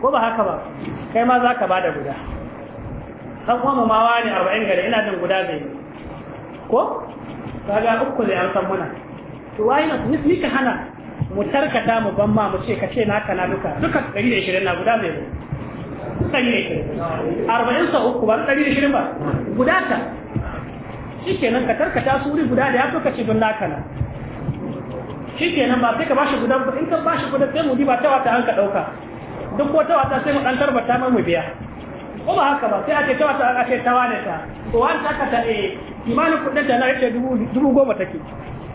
ko ba haka ba kai ma za ka ba da guda san kuma ma wani arba'in gari ina jin guda zai yi ko kaga uku zai an san muna to why not ni ka hana mu tarkata mu ban ma mu ce ka ce naka na duka duka 120 na guda zai zo arba'in sa uku ba ɗari da shirin ba guda ta shi kenan ka tarkata su wuri guda da ya fi kace don naka na shi kenan ba sai ka bashi gudan ba in ka bashi gudan sai mu diba ta wata an ka ɗauka duk ko ta wata sai mu ɗan tarbata mai mu biya ko ba haka ba sai a ce ta wata a ce ta wane ta to wani ta ka ta e eh, kimanin kuɗin ta na ce dubu goma take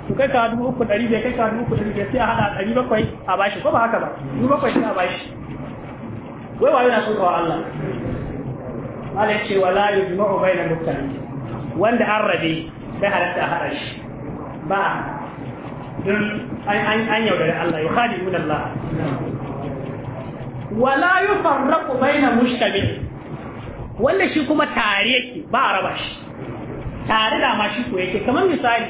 to kai ka dubu uku ɗari biyar kai ka dubu uku ɗari biyar sai a hada ɗari bakwai a bashi ko ba haka ba dubu bakwai sai a bashi wai wayo na so ka wa Allah Allah ce wala yujma'u bainal muttalin wanda an rabe sai halatta a haɗa shi ba an yaudari Allah ya khali mun Allah wala yufarraqu baina mushtabil wanda shi kuma tare yake ba a raba shi tare da ma shi ko yake kamar misali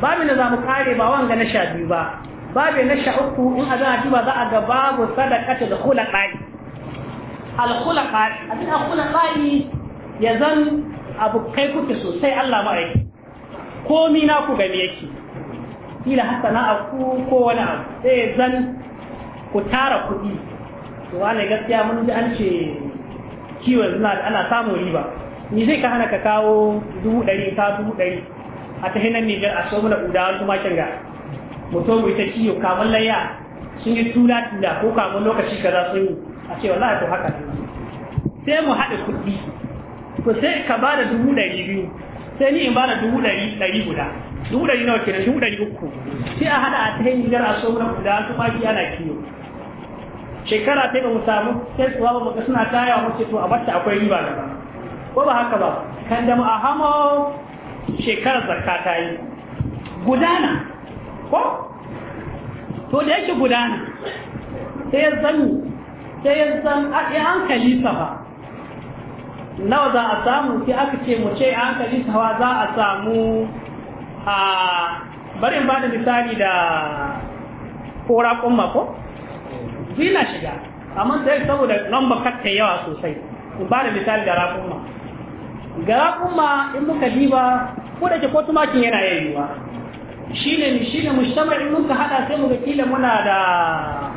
babu na zamu kare ba wanga na sha biyu ba babu na sha uku in a zana ba za a ga babu ta da khulaqai al-khulaqai abin al-khulaqai ya zan abu kai kuke sosai Allah ma'aiki komi na ku gani yake kila hasana ku ko wani abu sai zan ku tara kuɗi to wane gaskiya mun ji an ce kiwon zina ana samun riba ni zai ka hana ka kawo dubu ɗari ta dubu ɗari a ta hinan ne a so mana wani kuma kyan ga mutum mai ita kiyo kamun layya sun yi tula tula ko kamun lokaci kaza sun yi a ce wallahi to haka sai mu haɗa kuɗi to sai ka ba da dubu ɗari biyu sai ni in ba da dubu ɗari ɗari guda dubu ɗari nawa kenan dubu ɗari uku sai a haɗa a ta hanyar a so mana guda su baki ana kiwo shekara ta ba mu samu sai tsuwa ba muka suna taya mu ce to a batta akwai riba da ba ko ba haka ba kan da mu a hamo shekarar zakka ta yi gudana ko to da yake gudana sai zan sai zan a hankali fa nawa za a samu sai aka ce mu ce hankali sawa za a samu a bari in bada misali da kora kuma ko zina shiga amma sai saboda lamba katta yawa sosai in bada misali da raƙumma ga raƙumma in muka diba ko da ke ko makin yana yayyuwa shine shine mujtama in muka hada sai muka kila muna da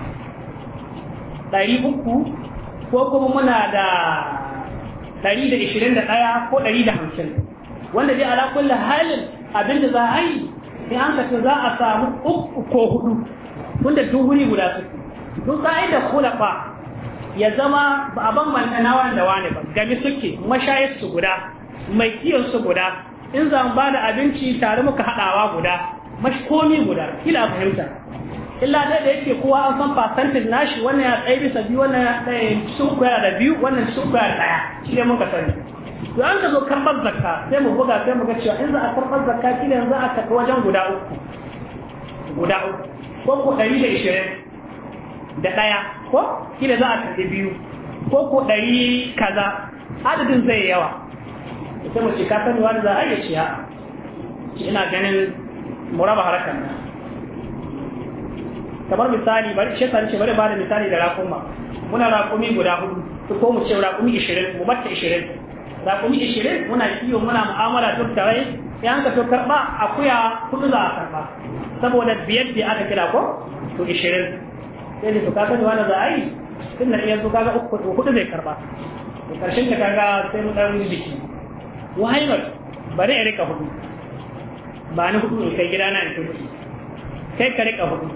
ɗari uku ko kuma muna da ɗari da ishirin da ɗaya ko ɗari da hamsin wanda dai ala kulli halin da za a yi in an kace za a samu uku ko hudu wanda duhuri guda suke duk sa'in da khulafa ya zama ba a bambanta na wanda wani ba gami suke mashayar su guda mai kiyon su guda in mu ba da abinci tare muka haɗawa guda mashkomi guda kila fahimta illa dai da yake kowa an san percentage nashi wannan ya tsaye bisa biyu wannan ya tsaye sun koyar da biyu wannan sun koyar da ɗaya shi ne muka sani to an ka zo karɓar zakka sai mu buga sai mu ga cewa in za a karɓar zakka kila yanzu a tafi wajen guda uku guda uku ko ko ɗari da ishirin da ɗaya ko kila za a tafi biyu ko ko ɗari kaza adadin zai yawa sai mu ce ka sani wani za a iya ciya ina ganin mu raba harkar nan kamar misali bari ce san ce bari ba da misali da rakuma muna rakumi guda hudu ko mu ce rakumi 20 mu bata 20 raƙumi ishirin muna iyo muna mu'amala duk da rai ya hanka to karɓa kuya kudu za a karɓa saboda biyar da aka kira ko to ishirin sai da to kaga da wani za a yi tun da yanzu kaga uku to kudu zai karɓa Da ƙarshen ka kaga sai mu ɗan biki wahaimar bari in rika hudu ba ni hudu in kai gidana in kai kai ka rika hudu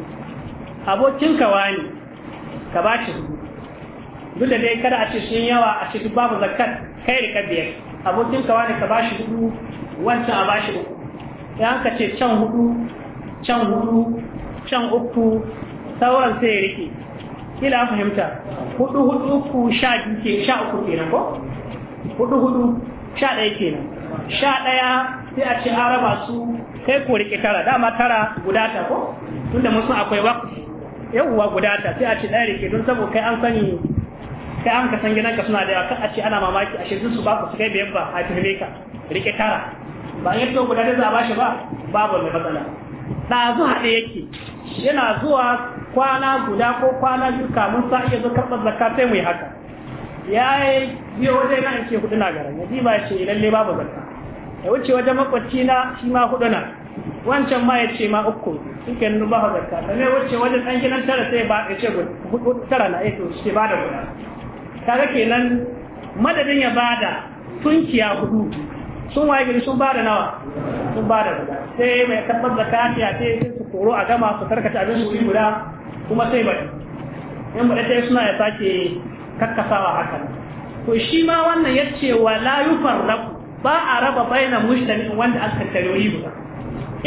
abokinka wani ka ba shi hudu duk da dai kada a ce sun yawa a cikin babu zakat kai rika biyar abokin ka wani ka bashi hudu wancan a bashi uku ya ka ce can hudu can hudu can uku sauran sai ya rike kila fahimta hudu hudu uku sha biyu sha uku kenan ko hudu hudu sha ɗaya kenan sha ɗaya sai a ce an raba su kai ko rike tara dama tara guda ta ko tunda mun san akwai wakfi yawwa guda ta sai a ce ɗaya rike don saboda kai an sani kai an ka san ka suna da yawa kan a ce ana mamaki a shirin su ba ku kai biyan ba a tuhme ka rike tara ba yadda to guda da za a bashi ba babu mai matsala ɗazu haɗe yake yana zuwa kwana guda ko kwana biyu kamun sa iya zo karɓar zakka sai mu yi haka ya yi biyo waje na ake hudu na gara ya ba ce lalle babu zakka ya wuce wajen makwabci na shi ma hudu na wancan ma ya ce ma uku suke nuna ba zakka da ne wuce wajen ɗan gidan tara sai ba ya ce tara na ya eh, ce ba da guda kaga kenan madadin ya bada tunkiya hudu sun waye gari sun bada nawa sun bada sai mai karɓar zakati a sai su koro a gama su karkata abin su guda kuma sai bai in ba sai suna ya sake kakkasawa haka to shi ma wannan yace wala yufarraqu ba a raba baina mushtari wanda aka tattare wuri guda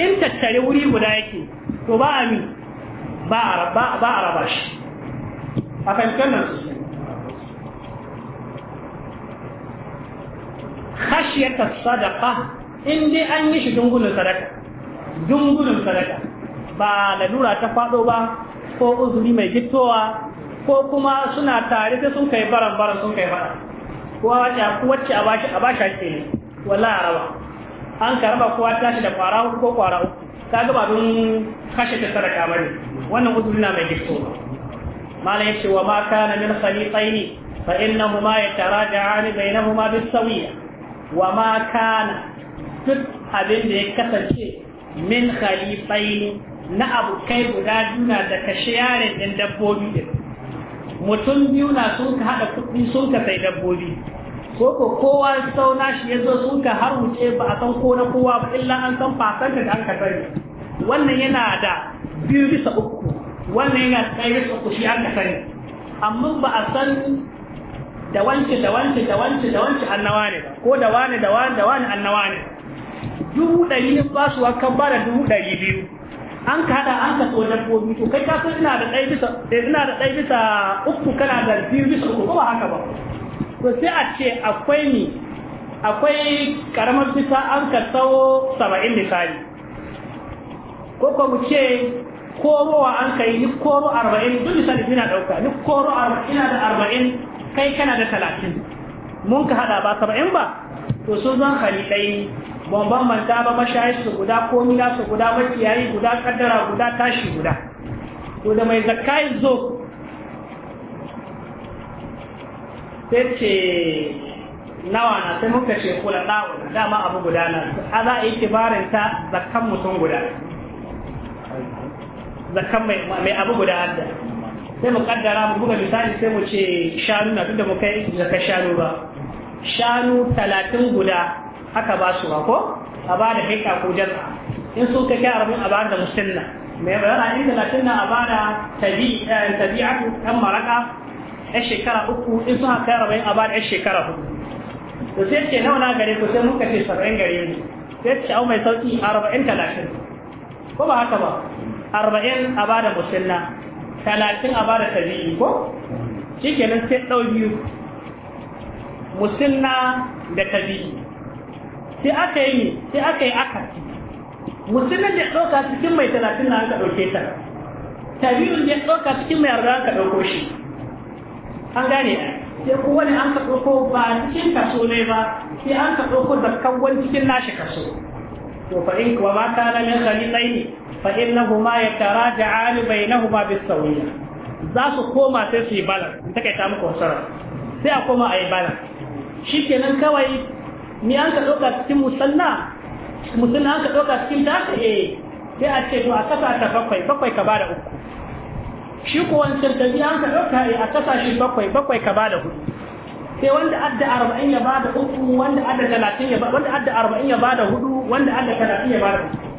in tattare wuri guda yake to ba a mi ba a raba shi a kan nan khashiyata sadaqa in dai an yi shi dungulun sadaka dungulun sadaka ba lalura ta fado ba ko uzuri mai gittowa ko kuma suna tare da sun kai baran baran sun kai fara kowa wacce a bashi a ake ne wala a raba an ka raba kowa tashi da kwara uku ko kwara uku ta gaba don kashe ta sadaka bane wannan uzuri na mai gittowa mala yace wa ma kana min khaliqaini fa innahuma yataraja'ani bainahuma bis wa ma kana duk abin da ya kasance min ne na abokai guda duna da kashe yare din dabbobi din mutum biyu na sun ka haɗa kuɗi sun ka sai dabbobi ko ko kowa sauna shi ya zo sun ka har wuce ba a san ko na kowa ba illa an san fasanta da an ka wannan yana da biyu bisa uku wannan yana da ɗaya bisa uku shi an ka amma ba a san da wance da wance da wance da wance annawa ne ko da wane da wane da wane annawa ne dubu ɗari ne ba su kan ba da dubu ɗari biyu an ka haɗa an ka tsohon dabbobi to kai ka san ina da ɗaya bisa eh, ina da ɗaya bisa uku kana da biyu bisa uku ko ba haka ba to sai a ce akwai ni akwai karamar bisa an ka tsawo saba'in misali ko ko mu ce an ka yi ni koro arba'in duk misali ina ɗauka ni koro ina da arba'in kai kana da talatin mun ka hada ba saba'in ba to su zan halidai bambam manta ba mashayi su guda komina su guda makiyayi guda kaddara guda tashi guda to da mai zakai zo sai ce nawa na sai muka ce kula ɗawon dama abu guda na a za a yi kibarin ta zakan mutum guda zakan mai abu guda hadda sai mu kaddara mu buga misali sai mu ce shanu na duk da mu kai zaka shanu ba shanu talatin guda aka ba su ko a ba da hika ko jaz'a in sun kai arba'in a ba da musulna mai bayana in talatin na a ba da eh, tabi'atu ɗan maraka a shekara uku in sun kai arba'in a ba da shekara hudu to sai ce nawa na gare ku sai muka ce saba'in gare ni sai ce au mai sauki arba'in talatin ko ba haka ba arba'in a ba da musulna talatin a bada tabi'i ko shi kenan sai ɗau biyu musulna da tabi'i sai aka yi sai aka yi aka musulman da ɗauka cikin mai talatin na aka ɗauke ta tabi'un da ɗauka cikin mai arba aka ɗauko shi an gane sai wani an ka ɗauko ba cikin kaso ne ba sai an ka ɗauko da kawon cikin nashi kaso to fa in kuwa ma kana min ne. فإنهما يتراجعان بينهما بالسوية za su koma sai su yi balan in takaita muku wasara sai a koma a yi balan shi kenan kawai ni an ka ɗauka cikin musanna musanna ka ɗauka cikin taka eh sai a ce to a kasa ta bakwai bakwai ka bada uku shi ko wancan tabi an ka ɗauka eh, a kasa shi bakwai bakwai ka bada hudu sai wanda adda arba'in ya bada uku wanda adda talatin ya bada wanda adda arba'in ya bada hudu wanda adda talatin ya bada uku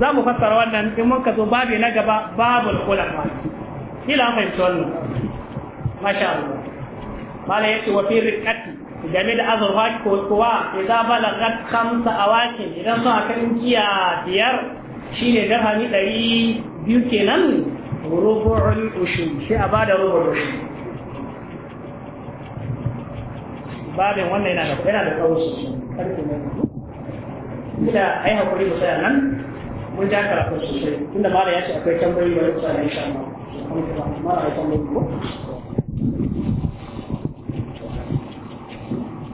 za mu fassara wannan in mun kaso babu na gaba babu ulama kila an fahimci wannan masha Allah mala yace wa fi riqati game da azurwa ko kuwa idan balagat khamsa awaki idan ba ka kiya biyar shine dirhami biyu kenan rubu'ul ushur shi a bada rubu'ul ushur babin wannan yana da yana da kawo su karfe ne da ai hakuri mu nan mun ta karatu sosai tunda mala ya ce akwai tambayi wani kusa da ma. Allah ya tambayi ko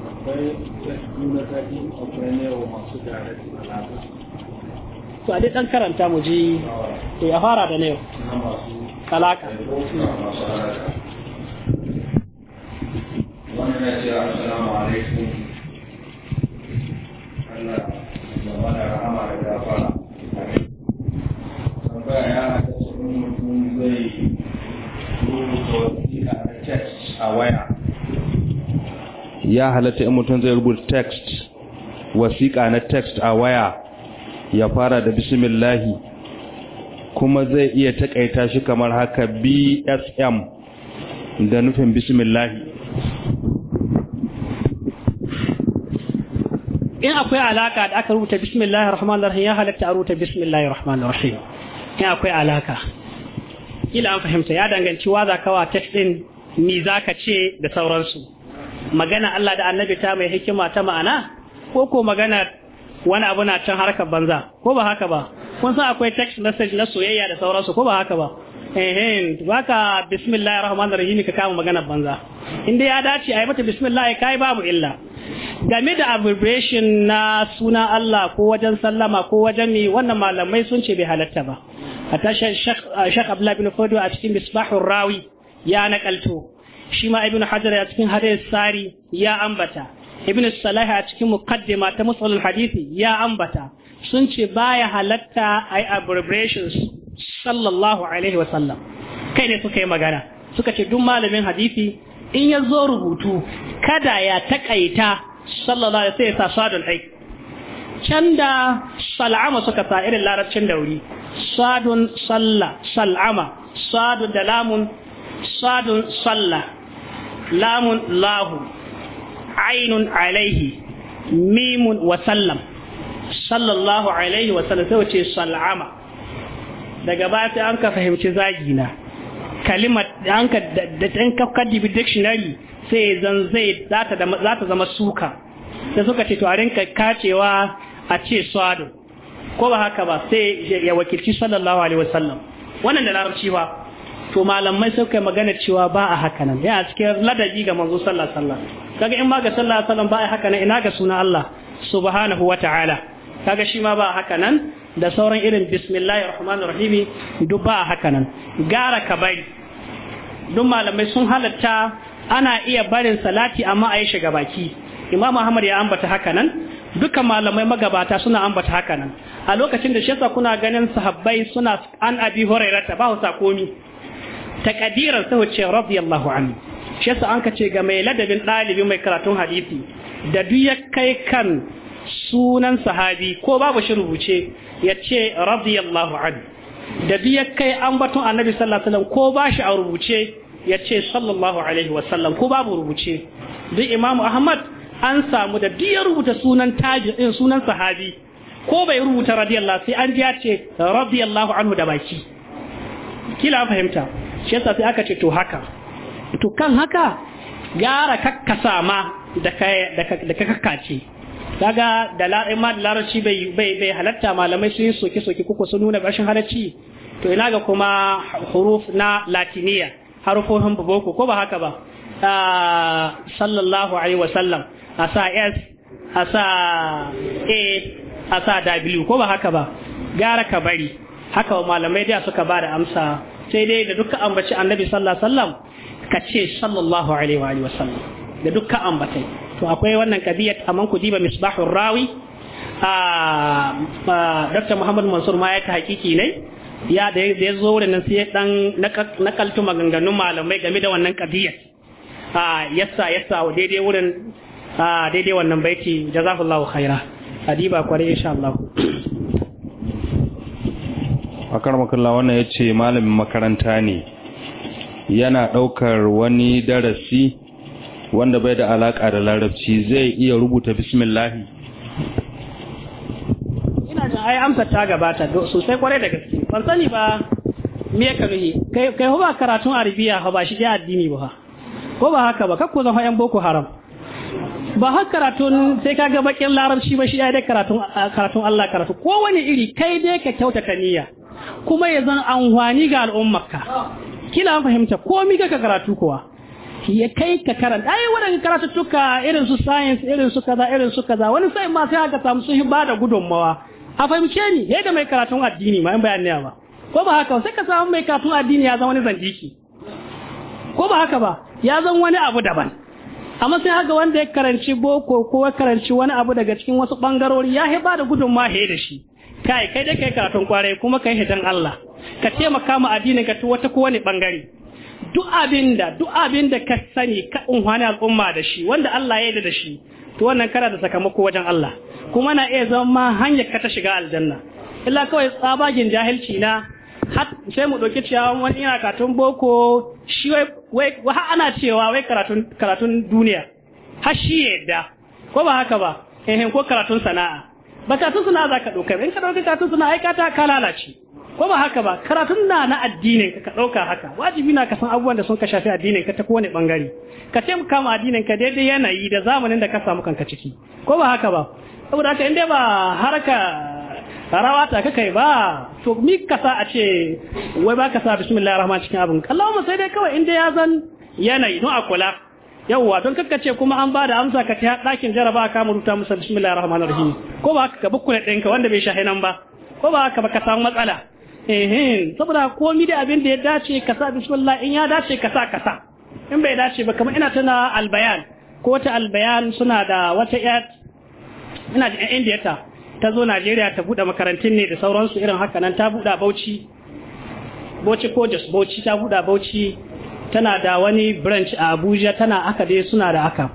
akwai akwai ne wa masu da malaka to a dan karanta mu ji to ya fara da ne talaka wannan ya ce assalamu alaikum Allah ya bada rahama da gafara mutum zai rubuta wasiƙa text a waya ya halatta in mutum zai rubuta text wasiƙa na text a waya ya fara da bismillahi kuma zai iya takaita shi kamar haka bsm da nufin bismillahi in akwai alaka da aka rubuta bismillahir rahmanir rahim ya halatta a rubuta bismillahir rahmanir rahim in akwai alaka kila an fahimta ya danganci wa za kawa text din ni za ka ce da sauransu magana Allah da annabi ta mai hikima ta ma'ana ko ko magana wani abu na can harkar banza ko ba haka ba kun san akwai text message na soyayya da sauransu ko ba haka ba ehin baka bismillahir rahmanir rahim ka kama magana banza inda ya dace ayi mata bismillah kai babu illa game da abbreviation na suna Allah ko wajen sallama ko wajen ni wannan malamai sun ce bai halatta ba a tashar Sheikh uh, Abdullahi bin Fodo a cikin Misbahur Rawi ya nakalto shi ma Ibn Hajar a cikin Hadith Sari ya ambata Ibn Salah a cikin Muqaddima ta Musalul Hadisi ya ambata sun ce baya halatta ai abbreviations sallallahu alaihi wa sallam kai ne suka yi magana suka ce duk malamin hadisi in ya zo rubutu kada ya takaita sallallahu alaihi sai ya sa sadul ai can da sal'ama suka sa irin larabcin dauri sadun salla sal'ama sadun da lamun sadun salla lamun lahu ainun alaihi mimun wa sallam sallallahu alaihi sai wace sal'ama daga baya sai an ka fahimci zagi na kalimar an ka da ɗan kafka dibi dictionary sai zan zai za ta zama suka sai suka ce to a kacewa a ce swado ko ba haka ba sai ya wakilci sallallahu alaihi wasallam wannan da larabci ba to malamai sai kai magana cewa ba a haka nan ya cikin ladabi ga manzo sallallahu alaihi wasallam kaga in ma ga sallallahu alaihi wasallam ba a haka nan ina ga suna Allah subhanahu wataala kaga shi ma ba a haka nan da sauran irin bismillahir rahmanir rahimi duk ba haka gara ka bari duk malamai sun halatta ana iya barin salati amma a yi shiga baki imam ahmad ya ambata hakanan nan duka malamai magabata suna ambata hakanan. a lokacin da shi kuna ganin sahabbai suna an abi hurairata ba hausa komi takadiran sai wuce radiyallahu anhu shi yasa an kace ga mai ladabin ɗalibi mai karatun hadisi da duk ya kai kan sunan sahabi ko babu shi rubuce ya ce radiyallahu an da biya kai an batun annabi sallallahu alaihi wasallam ko bashi a rubuce ya ce sallallahu alaihi wasallam ko babu rubuce duk imamu ahmad an samu da biya rubuta sunan tajin din eh, sunan sahabi ko bai rubuta radiyallahu sai an jiyace ya ce radiyallahu anhu da baki kila fahimta shi yasa sai aka ce to haka to kan haka gara kakkasa ma da ka kakkace kaga da la'ima da larabci bai bai halatta malamai sun yi soke soke kuka sun nuna rashin halacci to ina ga kuma huruf na latiniya harufofin boko ko ba haka ba sallallahu alaihi wasallam a sa s a sa a a sa w ko ba haka ba gara ka bari haka malamai da suka ba da amsa sai dai da dukkan ambaci annabi sallallahu alaihi wasallam ka ce sallallahu alaihi wa sallam da dukkan ambatai to akwai wannan kadiyat amman kudiba misbahur rawi a Dr. Muhammad Mansur ma ya ta hakiki ne ya da ya zo wurin nan sai dan nakaltu maganganun malamai game da wannan kadiyat a yassa yassa daidai wurin daidai wannan baiti jazakallahu khaira adiba kware insha Allah akar makalla wannan yace malamin makaranta ne yana daukar wani darasi wanda bai da alaka da larabci zai iya rubuta bismillah ina da ai amsa ta gabata sosai kwarai da gaske ban sani ba me ka kare kai kai ba karatun arabiya ba shi da addini ba ko ba haka ba kakko zan yan boko haram ba har karatun sai ka ga bakin larabci ba shi ya karatun karatun Allah karatu ko wani iri kai dai ka kyauta kaniya kuma ya zan hwani ga al'ummarka kila an fahimta ko mi ka karatu kuwa ya kai ka karanta ai waɗanda karatuttuka irin su science irin su kaza irin su kaza wani sai ma sai haka samu sun ba da gudunmawa a fahimce ni yadda mai karatun addini ma in bayani ba ko ba haka sai ka samu mai karatun addini ya zama wani zandiki ko ba haka ba ya zama wani abu daban amma sai haka wanda ya karanci boko ko ya karanci wani abu daga cikin wasu bangarori ya ba da gudunmawa he da shi kai kai dai kai karatun kwarai kuma kai hidan Allah ka taimaka ma addinin ka ta wata ko wani bangare duk abinda duk abinda ka sani ka unhwani al'umma da shi wanda Allah ya yi da shi to wannan kana da sakamako wajen Allah kuma na iya zama hanyar ka ta shiga aljanna illa kawai tsabagin jahilci na sai mu ɗauki cewa wani yana karatun boko shi wai ana cewa wai karatun duniya har shi yadda ko ba haka ba ehin ko karatun sana'a ba karatun sana'a za ka ɗauka in ka ɗauki karatun sana'a ai ka ta ka lalace ko ba haka ba karatun na na addinin ka dauka haka wajibi na ka san abubuwan da sun ka shafi addinin ka ta kowane bangare ka mu kama addinin ka daidai yanayi da zamanin da ka samu kanka ciki ko ba haka ba saboda haka inda ba haraka rawa ta kai ba to mi ka sa a ce wai ba ka sa bismillahir rahman cikin abin Allahumma sai dai kawai inda ya zan yanayi don akula yawwa don kakka ce kuma an bada amsa ka ta dakin jaraba ka mu ruta musa bismillahir rahmanir rahim ko ba haka ka bukkule ɗinka wanda bai nan ba ko ba ka ba ka samu matsala saboda komi da abin da ya dace ka sa bismillah in ya dace ka sa in bai dace ba kamar ina tana albayan ko wata albayan suna da wata yat ina da indiya ta ta zo Najeriya ta bude makarantun ne da sauransu irin haka nan ta bude Bauchi Bauchi ko Jos Bauchi ta bude Bauchi tana da wani branch a Abuja tana aka dai suna da aka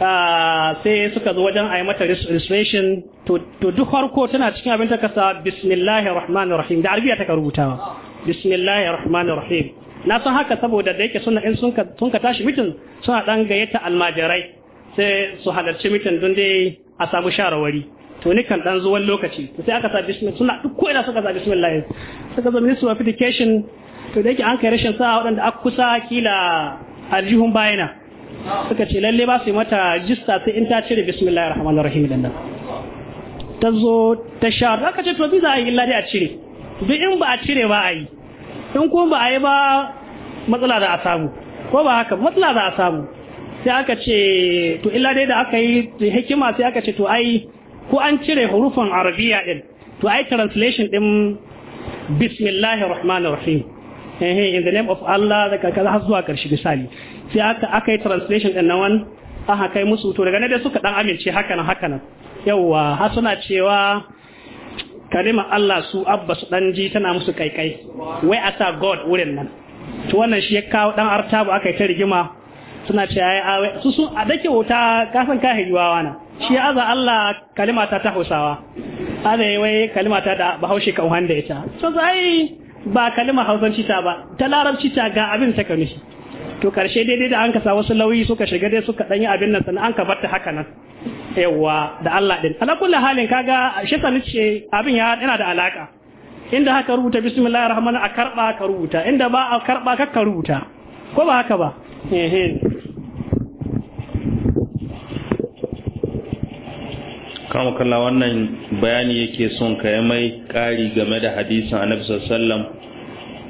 Ah, sai suka zo wajen a yi mata restoration to duk harko tana cikin abin ta kasa bismillahir rahmanir rahim da arabiya ta rubutawa bismillahir rahmanir rahim na san haka saboda da yake suna in sun ka tashi mitin suna dan gayyata almajirai sai su halarci mitin don dai a samu sharawari to ni kan dan zuwan lokaci sai aka sa bismillah suna duk ko ina suka sa bismillah suka zo ministry of education to da yake an kai rashin sa'a waɗanda aka kusa kila aljihun bayana suka ce lalle ba su yi mata jista sai in ta cire bismillahir rahmanir rahim din nan ta zo ta sha aka ce to biza a yi illa dai a cire duk in ba a cire ba a yi in ko ba a yi ba matsala da a samu ko ba haka matsala da a samu sai aka ce to illa dai da aka yi hikima sai aka ce to ai ko an cire hurufan arabiya din to ai translation din bismillahir rahmanir rahim eh in the name of Allah da kaza har zuwa karshe misali sai aka aka yi translation din na wani aka kai musu to daga nan dai suka dan amince haka nan haka nan yauwa har suna cewa kalima Allah su abba su dan ji tana musu kaikai wai a sa god wurin nan to wannan shi ya kawo dan artabu aka yi ta rigima suna cewa ai su sun a dake wuta kasan ka hiwawa na shi ya aza Allah kalima ta ta Hausawa aza wai kalima ta da Bahaushe kan wanda ita to zai ba kalima Hausanci ta ba ta Larabci ta ga abin ta kanu to karshe daidai da an kasa wasu lauyi suka shiga dai suka danyi abin nan sannan an ka bar ta haka nan yawa da Allah din ala kullu halin kaga shi sani ce abin ya yana da alaka inda haka rubuta bismillahir rahmanir a karba ka rubuta inda ba a karba ka ka rubuta ko ba haka ba ehe kama kalla wannan bayani yake son ka mai kari game da hadisin annabi sallallahu alaihi wasallam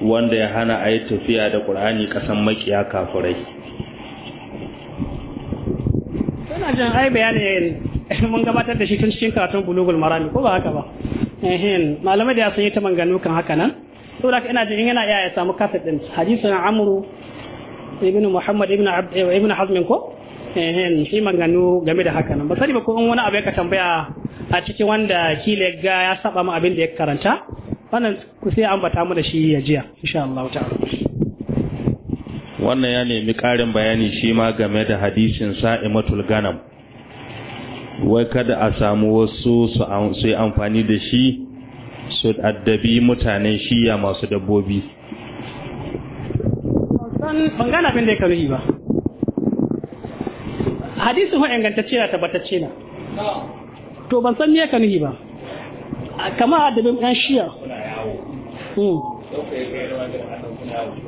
wanda ya hana a yi tafiya da ƙur'ani ƙasan makiya kafirai suna jin ai bayanin mun gabatar da shi tun cikin karatun bulugul marami ko ba haka ba malamai da ya sanyi ta manganu kan haka nan saboda ina jin yana iya ya samu kafet din hadisin amuru ibn muhammad ibn abd eh, ibn hazmin ko eh shi manganu game da haka nan ba sani ba ko in wani abu ya ka tambaya a cikin wanda kila ga ya saba mu abin da ya karanta wannan ku sai ambata da shi ya jiya insha Allah ta'ala wannan ya nemi ƙarin bayani shi ma game da hadisin sa'imatul ganam wai kada a samu wasu su yi amfani da shi su addabi mutanen shiya masu dabbobi ban gane abin da ya karuhi ba hadisin ho ingantacce na tabbatacce na to ban san me ya karuhi ba kamar addabin ɗan shiya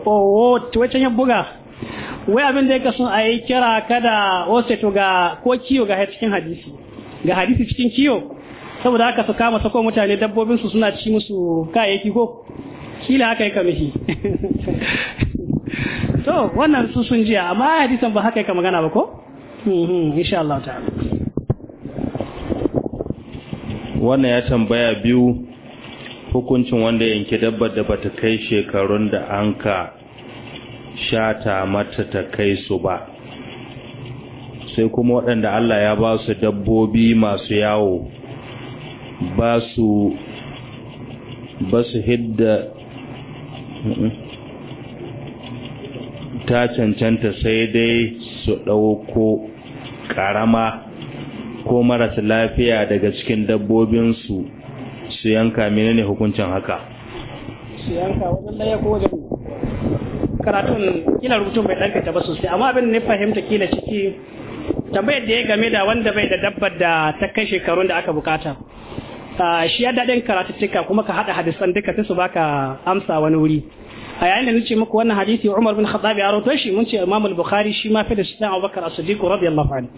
owo wacce ya buga wai abin da yake son a yi kira kada wasu ga ko kiyo ga cikin hadisi ga hadisi cikin kiyo saboda haka su kama sako mutane dabbobin su suna ci musu kayayyaki ko kila haka yake mishi so, wannan su sun jiya amma hadisan ba haka yake magana ba ko mhm, insha Allah ta'ala wannan ya tambaya biyu hukuncin wanda yanke dabbar da bata kai shekarun da an ka shata mata ta kai su ba sai kuma waɗanda Allah ya ba su dabbobi masu yawo ba su ba su hidda ta cancanta sai dai su ɗauko ƙarama ko marasa lafiya daga cikin dabbobinsu su yanka ne hukuncin haka su yanka wajen laye ko wajen karatun kila rubutun bai ɗanka ta ba sosai amma abin ne fahimta kila ciki tambayar da ya game da wanda bai da dabbar da ta kai shekarun da aka bukata shi ya daɗin karatuttuka kuma ka haɗa hadisan duka ta su baka amsa wani wuri a yayin da nace muku wannan hadisi Umar bin Khattab ya rawaito shi mun ce Imam al-Bukhari shi ma fi da Abu Abubakar As-Siddiq radiyallahu anhu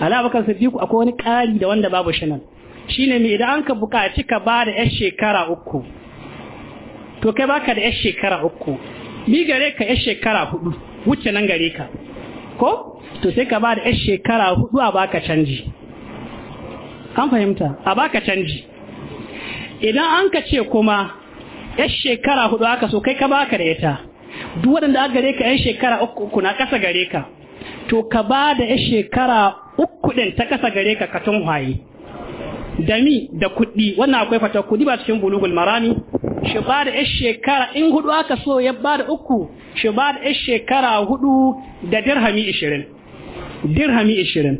ala Abubakar As-Siddiq akwai wani ƙari da wanda babu shi nan Shi ne mai idan an ka buƙaci ka ba da yan shekara uku to kai baka da yan shekara uku mi gare ka yan shekara hudu wuce nan gare ka ko to sai ka ba da yan shekara hudu a baka canji an fahimta a baka canji idan an ka ce kuma yan shekara hudu aka so kai ka baka da ita duk waɗanda aka gare ka yan shekara uku na ƙasa gare ka to ka ba da yan shekara uku ɗin ta ƙasa gare ka ka tun dami da kuɗi wannan akwai fata kuɗi ba cikin bulugul marami shi ba da yan shekara in hudu aka so ya ba da uku shi ba da yan shekara hudu da dirhami ishirin dirhami ishirin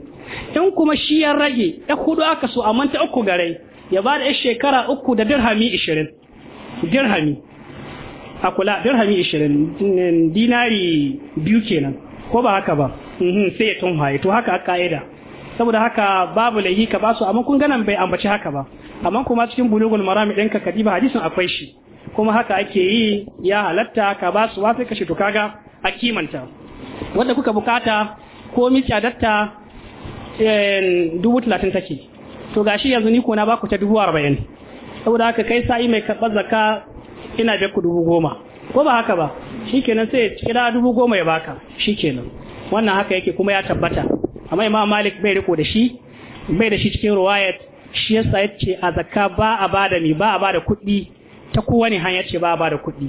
in kuma shi ya rage ya hudu aka so amma ta uku garai ya ba da yan shekara uku da dirhami ishirin dirhami a kula dirhami ishirin dinari biyu kenan ko ba haka ba mhm, sai ya tunhaye to haka a ka'ida saboda haka babu laihi ka basu amma kun ganan bai ambaci haka ba amma kuma cikin bulugul marami din ka kadiba hadisin akwai shi kuma haka ake yi ya halatta ka basu wa sai ka shi to kaga a kimanta wanda kuka bukata ko mi datta eh, dubu talatin take to gashi yanzu ni ko na baku ta dubu arba'in saboda haka kai sa'i mai karɓar zakka ina da ku dubu goma ko ba haka ba shikenan sai ya kira dubu goma ya baka shikenan wannan haka yake kuma ya tabbata amma imam malik bai riko da shi bai da shi cikin ruwayat shi yasa yace a zakka ba a bada mi ba a bada kuɗi ta kowane hanya ce ba a bada kuɗi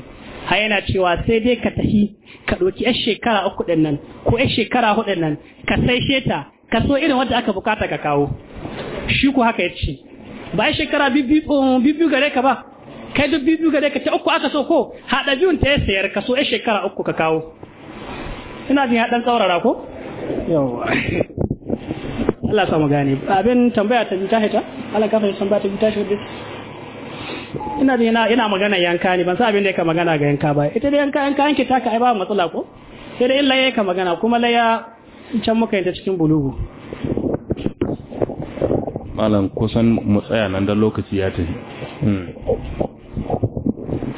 har yana cewa sai dai ka tahi ka ɗauki yar shekara uku ɗin nan ko yar shekara hudu nan ka sai sheta ka so irin wanda aka bukata ka kawo shi ko haka yace ba shekara biyu oh, gare ka ba kai duk biyu gare ka ta uku aka so ko haɗa biyun ta ya sayar ka so yar shekara uku ka kawo ina jin ya ɗan tsaurara ko yawa Allah sa mu gane abin tambaya ta ta hita Allah ka fahimta tambaya ta ta shi ina da ina magana yanka ne ban san abin da yake magana ga yanka ba ita da yanka yanka yanki taka ai ba matsala ko sai da illa yake magana kuma laya can muka yanta cikin bulugu malam kusan mu tsaya nan da lokaci ya tafi hmm.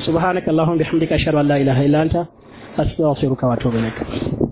subhanakallahumma bihamdika ashhadu an la ilaha illa anta astaghfiruka wa atubu ilaik